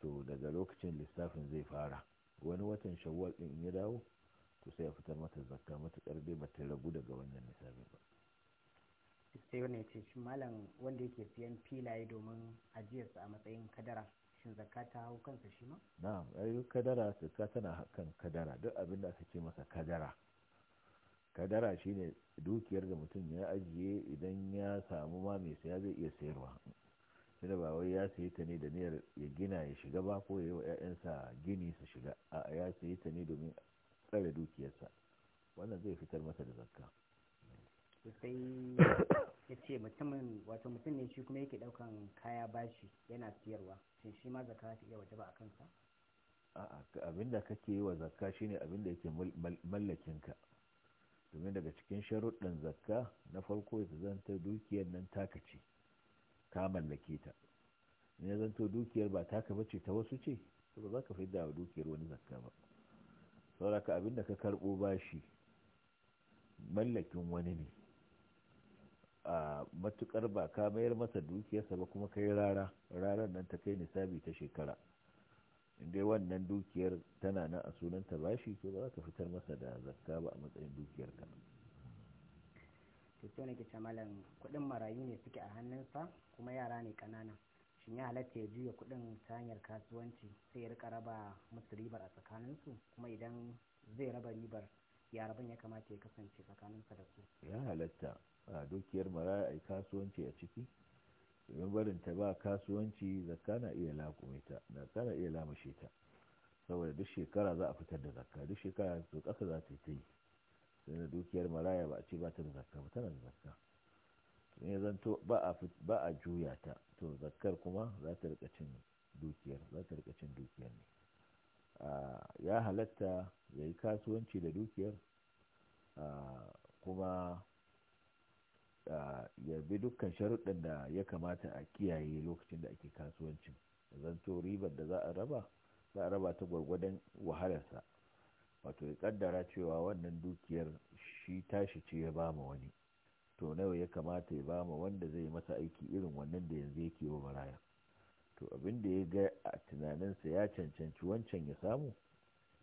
to daga lokacin lissafin zai fara wani watan shawwal ɗin in ya dawo to sai a fitar mata zakka matuƙar dai ba ta ragu daga wannan nisabin ba sai wani ce shi malam wanda yake siyan filaye domin ajiyarsa a matsayin kadara shin zakka ta hau kansa shi ma na'am ai kadara zakka tana kan kadara duk abin da aka ce masa kadara kadara shine dukiyar da mutum ya ajiye idan ya samu ma mai saya zai iya sayarwa tunda ba wai ya sayi ta ne da niyyar ya gina ya shiga ba ko ya wa 'ya'yansa gini su shiga a ya sayi ta ne domin tsare dukiyarsa wannan zai fitar masa da zakka sai ya ce mutumin wato mutum ne shi kuma yake daukan kaya bashi yana siyarwa shin shi ma zakka ta iya wajaba a kansa a'a abinda kake yi wa zakka shine abinda yake mallakinka domin daga cikin sharuɗin zakka na farko ya zanto dukiyar nan taka ce ka mallake ta in ya zanto dukiyar ba taka bace ta wasu ce to ba za ka fidda wa dukiyar wani zakka ba sauraka abin da ka karɓo bashi mallakin wani ne a matukar ba ka mayar masa dukiyarsa ba kuma kai rara rarar nan ta kai nisabi ta shekara dai wannan dukiyar tana nan a sunanta bashi to ba za ka fitar masa da zakka ba a matsayin dukiyar ka to ne ke malam kudin marayu ne suke a hannunsa kuma yara ne kanana. shin ya halatta ya juya kudin ta hanyar kasuwanci sai ya rika raba musu ribar a tsakaninsu kuma idan zai raba ribar ya rabin ya kamata ya kasance tsakaninsa da su ya halatta a dukiyar maraya a kasuwanci a ciki domin barin ta ba kasuwanci zakka na iya lakume ta da kana iya lamushe ta saboda duk shekara za a fitar da zakka duk shekara to kasa za ta ta yi sai dukiyar maraya ba a ce ba ta da zakka ba tana da zakka ne zanto ba a juya ta to zakkar kuma za ta rika cin dukiyar za ta rika cin dukiyar ne ya halatta ya yi kasuwanci da dukiyar kuma ya bi dukkan sharuɗan da ya kamata a kiyaye lokacin da ake kasuwancin zanto ribar da za a raba za a raba ta gwargwadon wahalarsa wato ya kaddara cewa wannan dukiyar shi tashi ce ya bama wani to nawa ya kamata ya bama wanda zai masa aiki irin wannan da yanzu yake wa maraya to abin da ya ga a tunaninsa ya cancanci wancan ya samu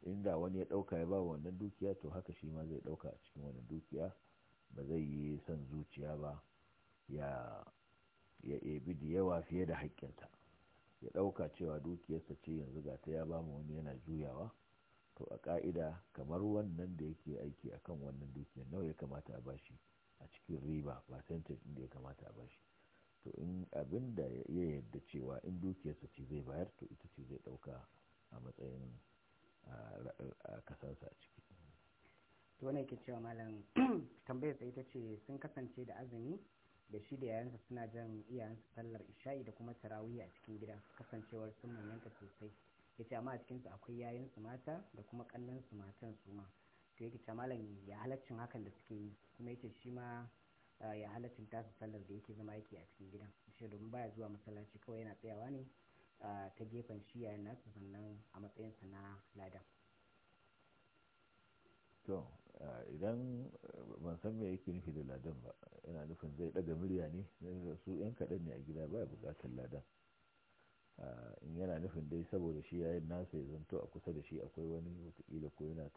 inda wani ya ɗauka ya ba wannan dukiya to haka shi ma zai ɗauka a cikin wannan dukiya ba zai yi son zuciya ba ya ya ebi da yawa fiye da haƙƙinta ya ɗauka cewa dukiyarsa ce yanzu ga ta ya ba mu wani yana juyawa to a ƙa'ida kamar wannan da yake aiki a kan wannan dukiyar nawa ya kamata a bashi a cikin riba percentage ɗin da ya kamata a bashi to in abin da ya yarda cewa in dukiyarsa ce zai bayar to ita ce zai ɗauka a matsayin a kasansa a ciki to wannan yake cewa malam [CLEARS THROAT] tambayar sa ita ce sun kasance da azumi da shi da yayansa suna jan iyayensu sallar isha'i da kuma tarawii a cikin gida kasancewar sun manyanta sosai ce amma a cikinsu akwai yayansu mata da kuma kallonsu matan su ma to yake cewa malam ya halaccin hakan da suke yi kuma yake shi ma ah, ya halaccin tasu sallar da yake zama yake a cikin gidan shi domin baya zuwa masallaci kawai yana tsayawa ne ah, ta gefen shi yayin nasu sannan a matsayinsa na lada. idan eh, ban san me yake nufi da ladan ba yana nufin zai daga murya ne su yan kaɗan ne a gida ba bukatar ladan in yana nufin dai saboda shi yayin nasa ya zanto a kusa da shi akwai wani watakila ko yana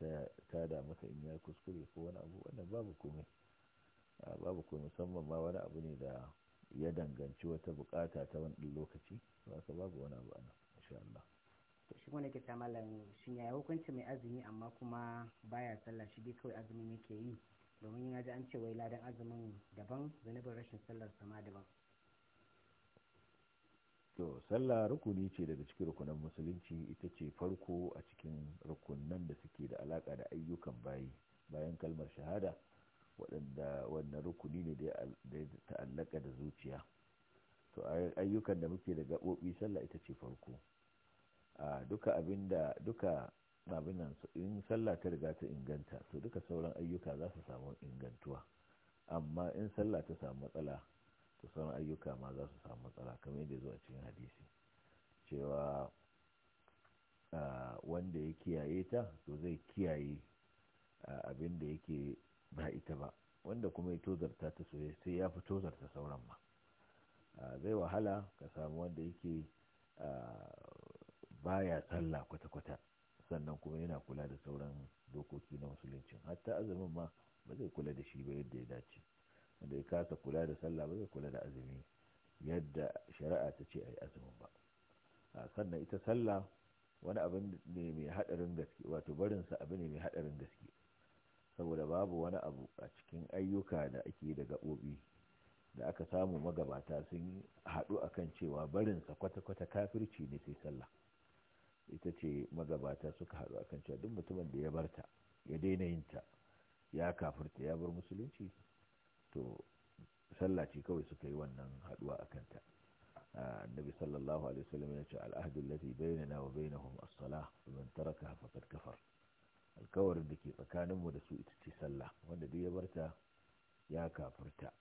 tada masa in ya kuskure ko wani abu wannan babu komai babu komai musamman ma wani abu ne da ya danganci wata bukata ta wani lokaci ba babu wani abu ana insha Allah to shi wanda ke malam shin ya hukunci mai azumi amma kuma baya sallah shi dai kawai azumin yake yi domin ya ji an ce wai ladan azumin daban zunubin rashin sallar sama daban to sallah rukuni ce daga cikin rukunan musulunci ita ce farko a cikin rukunan da suke da alaka da ayyukan bayi bayan kalmar shahada waɗanda wannan rukuni ne da ya ta'allaka da zuciya to ayyukan da muke da gaɓoɓi sallah ita ce farko duka abin da duka abin nan in sallah ta riga ta inganta to duka sauran ayyuka za su samu ingantuwa amma in sallah ta samu matsala to sauran ayyuka ma za su samu matsala kamar yadda zuwa cikin hadisi cewa wanda ya kiyaye ta to zai kiyaye abin da yake ba ita ba wanda kuma ya tozarta ta sai ya fi tozarta sauran ma zai wahala ka samu wanda yake baya sallah kwata-kwata sannan kuma yana kula da sauran dokoki na musulunci hatta azumin ma ba zai kula da shi ba yadda ya dace wanda ya kasa kula da sallah ba zai kula da azumi yadda shari'a ta ce a yi azumin ba sannan ita sallah wani abin ne mai haɗarin gaske wato barinsa abu ne mai haɗarin gaske saboda babu wani abu a cikin ayyuka da ake da gaɓoɓi da aka samu magabata sun haɗu akan cewa barinsa kwata-kwata kafirci ne sai sallah ita ce magabata suka haɗu a kan cewa duk mutumin da ya barta ya daina yin ta ya kafirta ya bar musulunci to sallah ce kawai suka yi wannan haɗuwa a kanta annabi sallallahu alaihi wasallam ya ce al'ahdu allati bainana wa bainahum as-salah man tarakaha faqad kafar alkawarin da ke tsakaninmu da su ita ce sallah wanda duk ya barta ya kafirta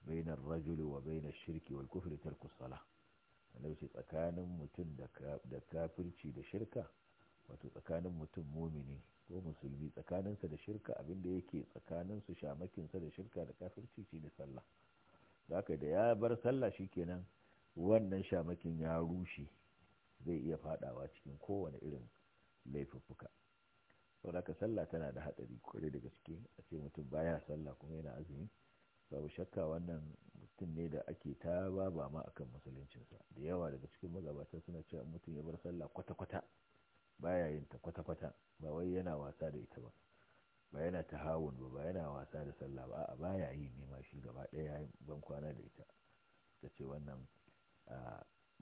bainar rajuli wa bainar shirki wal kufri tarku salah annabi tsakanin mutum da kafirci da shirka wato tsakanin mutum mumini ko musulmi tsakaninsa da shirka abinda yake tsakaninsu shamakinsa da shirka da kafirci shi ne sallah da haka da ya bar sallah shi shikenan wannan shamakin ya rushe zai iya fadawa cikin kowane irin laifuffuka saboda haka sallah tana da hatsari kwarai daga gaske a ce mutum baya sallah kuma yana azumi babu shakka wannan mutum ne da ake ta ba ma akan musuluncinsa da yawa daga cikin magabata suna cewa mutum ya bar sallah kwata-kwata baya yin ta kwata-kwata ba wai yana wasa da ita ba ba yana hawun ba ba yana wasa da sallah ba a baya yi ne ma shi gaba ɗaya ban kwana da ita ta ce wannan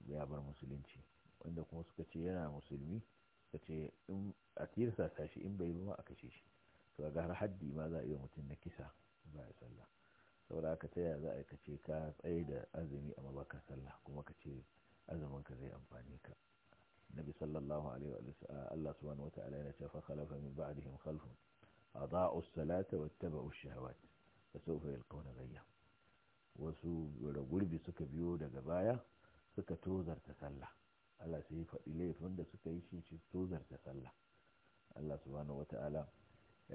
ya bar musulunci wanda kuma suka ce yana musulmi suka ce in a tirsa shi in bai yi ma a kashe shi to ga har haddi ma za a iya mutum na kisa ba ya sallah saboda ka za a ka ce ka tsaye da azumi a mabakar sallah kuma ka ce azumin ka zai amfani ka nabi sallallahu alaihi wa Allah subhanahu wata'ala yana cewa khalafa min ba'dihim khalfun adaa'u salata wattaba'u shahawat fa sawfa yalqawna ghayya wasu gurbi suka biyo daga baya suka tozarta sallah Allah sai ya faɗi laifin da suka yi shi tozarta sallah Allah subhanahu wata'ala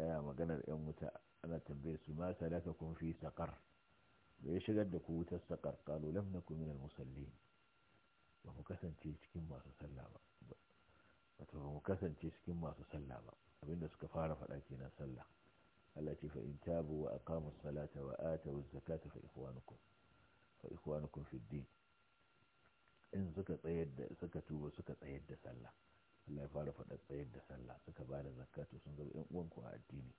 yana maganar yan wuta ana tambayar su ma salaka kun fi saƙar da ya shigar da ku wutar saƙar kalu lam nakum min al-musallin ba mu kasance cikin masu sallah ba wato ba mu kasance cikin masu sallah ba abinda suka fara faɗa kenan sallah Allah ce fa in tabu wa aqamu salata wa atu zakata fa ikhwanukum fa ikhwanukum fi din in suka tsayar da suka tuba suka tsayar da sallah Allah ya fara faɗa tsayar da sallah suka ba da zakka to sun zama 'yan uwanku a addini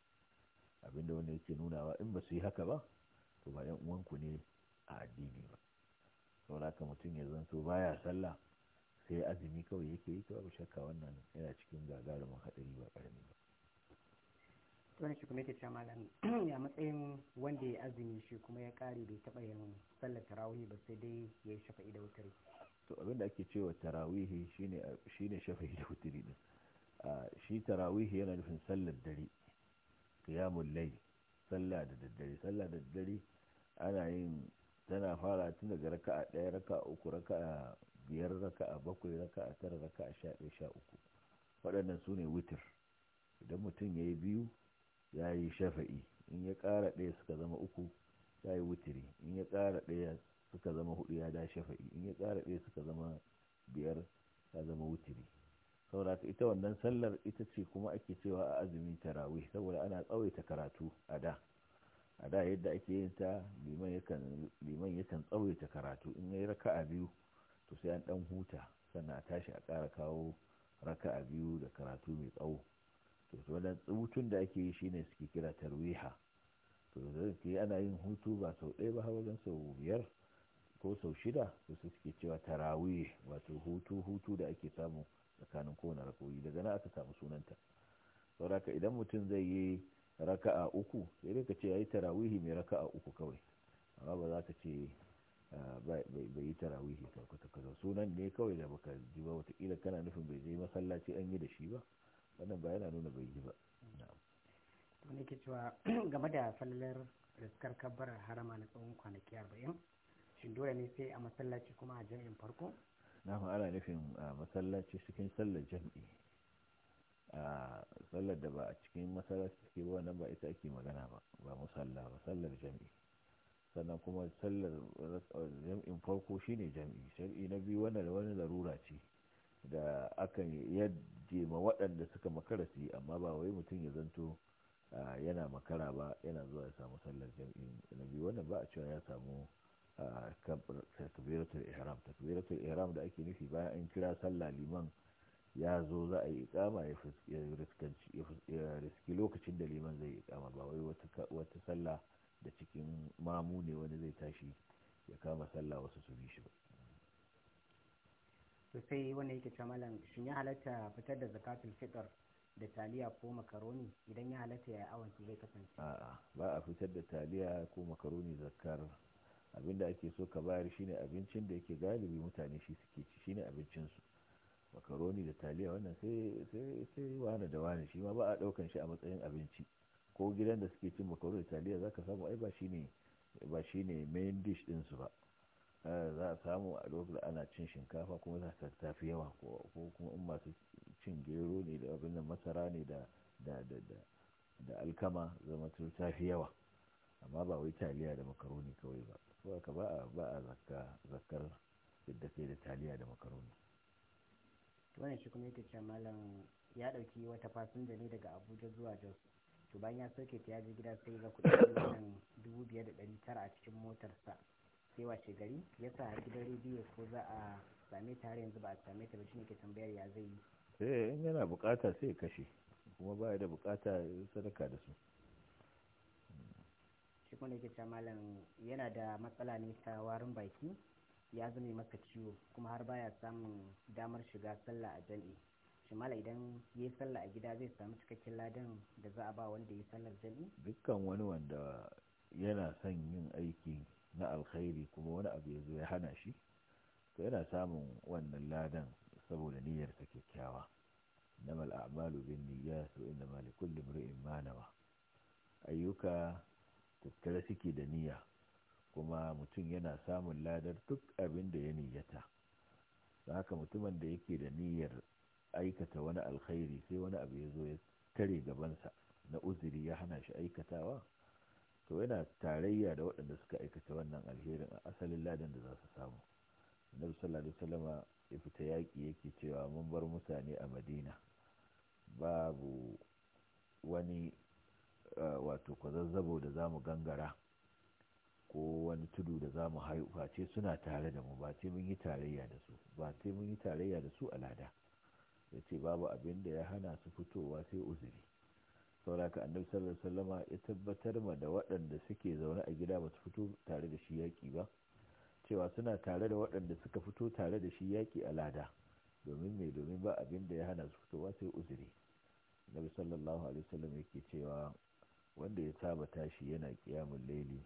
abinda wanda yake nunawa in ba su yi haka ba to ba 'yan uwanku ne a addini ba saboda haka mutum ya zanto baya sallah sai azumi kawai yake yi babu shakka wannan yana cikin gagarumin hadari ba ƙarami ba wani ne shi kuma yake cewa malam ya matsayin wanda ya azumi shi kuma ya kare bai taɓa yin sallar tarawih ba sai dai ya shafa'i da wutar. to abinda ake cewa tarawihi shine shine shafa'i da wutiri din shi tarawihi yana nufin sallar dare qiyamul layl sallah da daddare sallah da daddare ana yin tana fara tun daga raka'a ɗaya raka'a uku raka'a biyar raka'a bakwai raka'a tara raka'a sha ɗaya sha uku waɗannan su ne witir idan mutum ya yi biyu ya yi shafa'i in ya ƙara ɗaya suka zama uku ya yi wutiri in ya ƙara ɗaya suka zama hudu ya da shafa'i in ya ƙara ɗaya suka zama biyar ya zama wutiri saboda ita wannan sallar ita ce kuma ake cewa a azumin tarawih saboda ana tsawaita karatu a da a da yadda ake yin ta liman yakan tsawaita karatu in ya yi raka'a biyu to sai an dan huta sannan a tashi a kara kawo raka'a biyu da karatu mai tsawo to wannan hutun da ake yi shine suke kira tarwiha to da ana yin hutu ba sau ɗaya ba wajen sau biyar ko sau shida su suke cewa tarawih wato hutu hutu da ake samu tsakanin kowane rakoyi daga nan aka samu sunanta sauraka idan mutum zai yi raka'a uku sai dai ka ce yi tarawihi mai raka'a uku kawai amma ba za ka ce ah, bai yi tarawihi kwata kaza sunan ne kawai da baka ji ba watakila kana nufin bai je masallaci an yi da shi ba wannan ba yana nuna bai yi ba to ne ke cewa game da fallar riskar kabbar harama na tsawon kwanaki arba'in shin dole ne sai a masallaci kuma a jami'in farko na ana nufin a masallaci cikin sallar jam'i a sallar da ba a cikin masallaci take ba wannan ba ita ake magana ba ba musalla ba sallar jami'i sannan kuma sallar jami'in farko shine jam'i jam'i na biyu wannan da wani larura ce da aka yadda ma waɗanda suka makara su amma ba wai mutum ya zanto yana makara ba yana zuwa ya samu sallar jami'i na biyu wannan ba a cewa ya samu takbiratul ihram takbiratul ihram da ake nufi bayan an kira sallah liman ya zo za a yi ikama ya riski lokacin da liman zai yi ikama ba wai wata sallah da cikin mamu ne wani zai tashi ya kama sallah wasu su bi shi ba to sai wanda yake cewa malam shin ya halatta fitar da zakatul fitr da taliya ko makaroni idan ya halatta ya yi awon zai kasance a'a ba a fitar da taliya ko makaroni zakar abin da ake so ka bayar shine abincin da yake galibi mutane shi suke ci shine abincinsu makaroni da taliya wannan sai wane da wane shi ma ba a ɗaukan shi a matsayin abinci ko gidan da suke cin makaroni da taliya za ka samu ai ba shine ba ne main dish ɗinsu ba eh, za a samu a lokacin ana cin shinkafa kuma za ta tafi yawa ko kuma in masu cin gero ne da abin da masara ne da da da da alkama zama tafi yawa amma ba wai taliya da makaroni kawai ba saboda ka ba a zakar zakkar da sai da taliya da makaroni wani shi kuma yake cewa malam ya dauki wata fasinja ne daga abuja zuwa jos to bayan ya soke ta ya je gida sai ga kudin wannan dubu biyar da ɗari tara a cikin motarsa sai wace gari ya sa gidan rediyo ko za a same ta har yanzu ba a same ta ba shi ne ke tambayar ya zai yi eh in yana bukata sai ya kashe kuma ba da bukata sadaka da su kuma yake cewa malam yana da matsala ne ta warin baki ya zame masa ciwo kuma har baya samun damar shiga sallah a jam'i shi malam idan ya yi sallah a gida zai samu cikakken ladan da za a ba wanda ya yi sallar jam'i dukkan wani wanda yana son yin aiki na alkhairi kuma wani abu ya zo ya hana shi to yana samun wannan ladan saboda niyyar ta kyakkyawa na mal'amalu bin niyyat wa innamal likulli imrin ayyuka tattare suke da niyya kuma mutum yana samun ladar duk abin da ya niyyata haka mutumin da yake da niyyar aikata wani alkhairi sai wani abu ya zo ya tare gabansa na uzuri ya hana shi aikatawa to yana tarayya da waɗanda suka aikata wannan alherin a asalin ladan da za su samu annabi sallallahu alaihi wasallam ya fita yaƙi yake cewa mun bar mutane a madina babu wani Eh, wato kwazazzabo da za mu gangara ko wani tudu da za mu haihu face suna tare da mu ba ce mun yi tarayya da su ba ce mun yi tarayya da su a lada ya ce babu abin da ya hana su fitowa sai uzuri ka annabi sallallahu alaihi wasallama ya tabbatar ma da waɗanda suke zaune a gida ba su fito tare da shi yaƙi ba cewa suna tare da waɗanda suka fito tare da shi yaƙi a lada domin me domin ba abin da ya hana su fitowa sai uzuri nabi sallallahu alaihi wasallam yake cewa wanda ya saba tashi yana kiyamun laili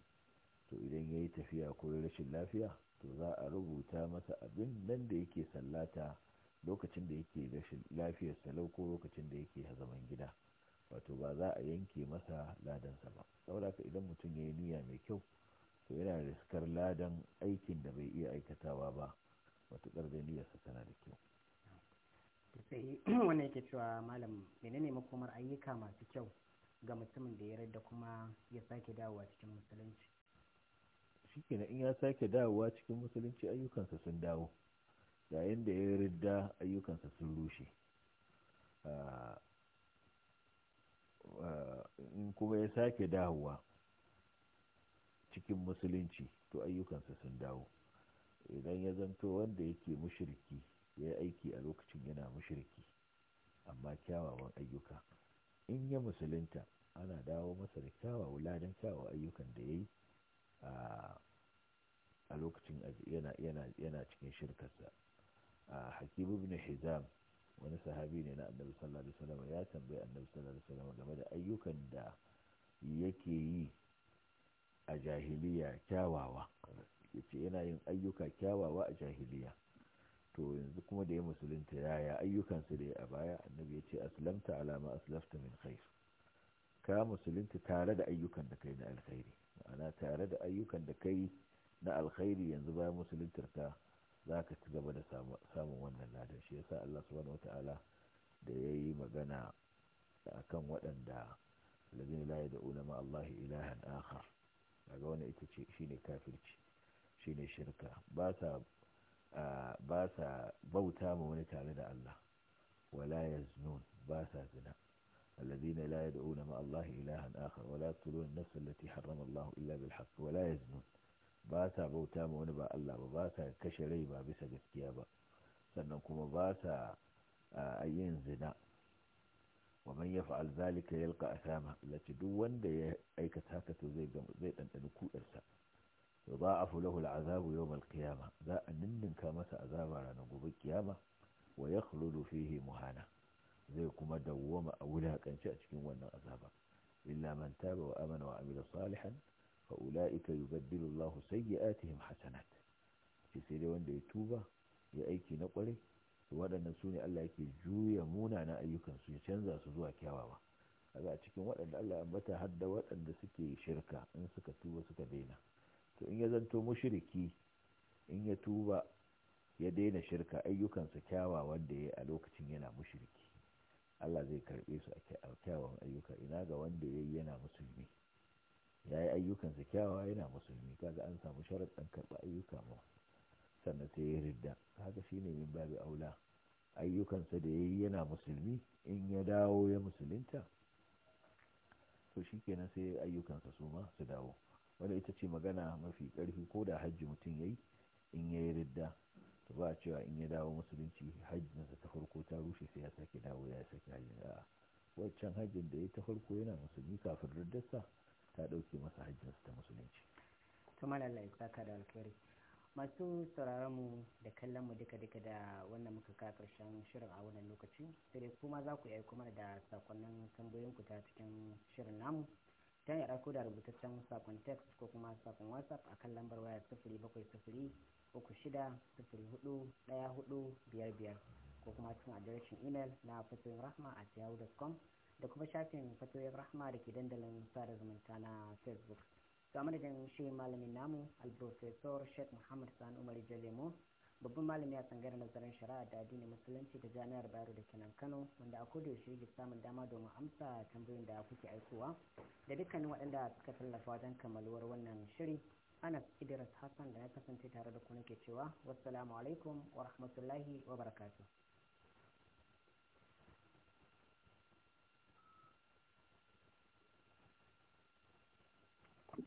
to idan ya yi tafiya ko rashin lafiya to za a rubuta masa abin nan da yake sallata lokacin da yake rashin lafiyar salau ko lokacin da yake hazaman gida wato ba za a yanke masa ladansa ba saboda idan mutum ya yi niyya mai kyau to yana riskar ladan aikin da bai iya aikatawa ba matuƙar da niyyarsa tana da kyau sai [CLEARS THROAT] wannan yake cewa malam menene makomar ayyuka masu kyau ga mutumin da ya yarda kuma ya sake dawowa cikin musulunci shikenan in ya sake dawowa cikin musulunci ayyukansa sun dawo yayin da ya yarda ayyukansa sun rushe ah, ah, in kuma ya sake dawowa cikin musulunci to ayyukansa sun dawo idan ya zanto wanda yake mushiriki ya yi aiki a lokacin yana mushiriki amma kyawawan ayyuka in ya musulunta ana dawo masa da kyawawa ladan kyawawa ayyukan da ya yi a lokacin yana cikin shirkarsa a hakibu bin hizam wani sahabi ne na annabi sallallahu alaihi ya tambayi annabi sallallahu alaihi game da ayyukan da yake yi a jahiliya kyawawa yace yana yin ayyuka kyawawa a jahiliya to yanzu kuma da ya musulunta yaya ayyukansu da ya a baya annabi ya ce aslamta alama aslafta min khair ka musulunta tare da ayyukan da kai na alkhairi ma'ana tare da ayyukan da kai na alkhairi yanzu bayan musuluntar ka za ka ci gaba da samun wannan ladar shi yasa Allah subhanahu wataala da ya yi magana a kan waɗanda lazini da ulama Allah ilahan akhar daga wani ita ce shine kafirci shine shirka ba ta ba sa bauta ma wani tare da Allah wala yaznun zina الذين لا يدعون مع الله إلها آخر ولا يقتلون النفس التي حرم الله إلا بالحق ولا يزنون باسا بوتا ما وني با الله با باسا kashe rai ba bisa gaskiya ba sannan kuma basa yin zina wa man yaf'al zalika yalqa asama lati duk wanda ya aikata haka to zai zai dandani kudarsa yudha'afu lahu al'azabu yawm al-qiyama za a ninninka masa azaba ranar gobe kiyama wa yakhludu fihi muhana zai kuma dawwama a wulakanci a cikin wannan azaba illa man taba wa amana wa amila salihan fa ulaika yubaddilu Allahu sayyi'atihim hasanat ce sai dai wanda ya tuba ya aiki na kwarai waɗannan su ne Allah yake juya munana ayyukan su ya canza su zuwa kyawawa kaga a cikin waɗanda Allah ya ambata har da waɗanda suke shirka in suka tuba suka daina to in ya zanto mushiriki, in ya tuba ya daina shirka ayyukansa kyawawan da ya a lokacin yana mushiriki. Allah zai karbe su a kyawawan ayyuka ina ga wanda ya yi yana musulmi ya yi ayyukansa kyawawa yana musulmi kaga an samu sharaɗin karɓa ayyuka ma sannan sai ya ridda haka shine min babu aula ayyukansa da ya yi yana musulmi in ya dawo ya musulunta to shi kenan sai ayyukansa su ma su dawo wanda ita ce magana mafi ƙarfi ko da hajji mutum ya yi in ya yi ridda to ba a cewa in ya dawo musulunci hajjinsa ta farko ta rushe sai ya sake dawo ya sake hajjin a waccan hajjin da ya ta farko yana musulmi kafin riddarsa ta ɗauke masa hajjinsa ta musulunci. to malalai saka da alkhairi masu sauraron mu da kallon mu duka duka da wannan muka kawo karshen shirin a wannan lokaci sai dai kuma za ku aiko mana da sakonnin tambayoyinku ta cikin shirin namu ta ya ɗauko da rubutaccen sakon text ko kuma sakon whatsapp a kan lambar waya sifiri bakwai sifiri uku shida sifiri hudu ɗaya hudu biyar biyar ko kuma cikin adireshin imel na fatoyin rahma a com da kuma shafin fatoyin rahma da ke dandalin sada zumunta na facebook su a madadin shi malamin namu al sheikh muhammad sani umar jalemo babban malami a tsangar nazarin shari'a da addinin musulunci da jami'ar bayero da kenan kano wanda a koda yaushe yake samun dama domin amsa tambayoyin da kuke aikowa da dukkanin waɗanda suka tallafa wajen kammaluwar wannan shiri anas idris hassan da na kasance tare da ku nake cewa wassalamu alaikum wa rahmatullahi wa barakatuh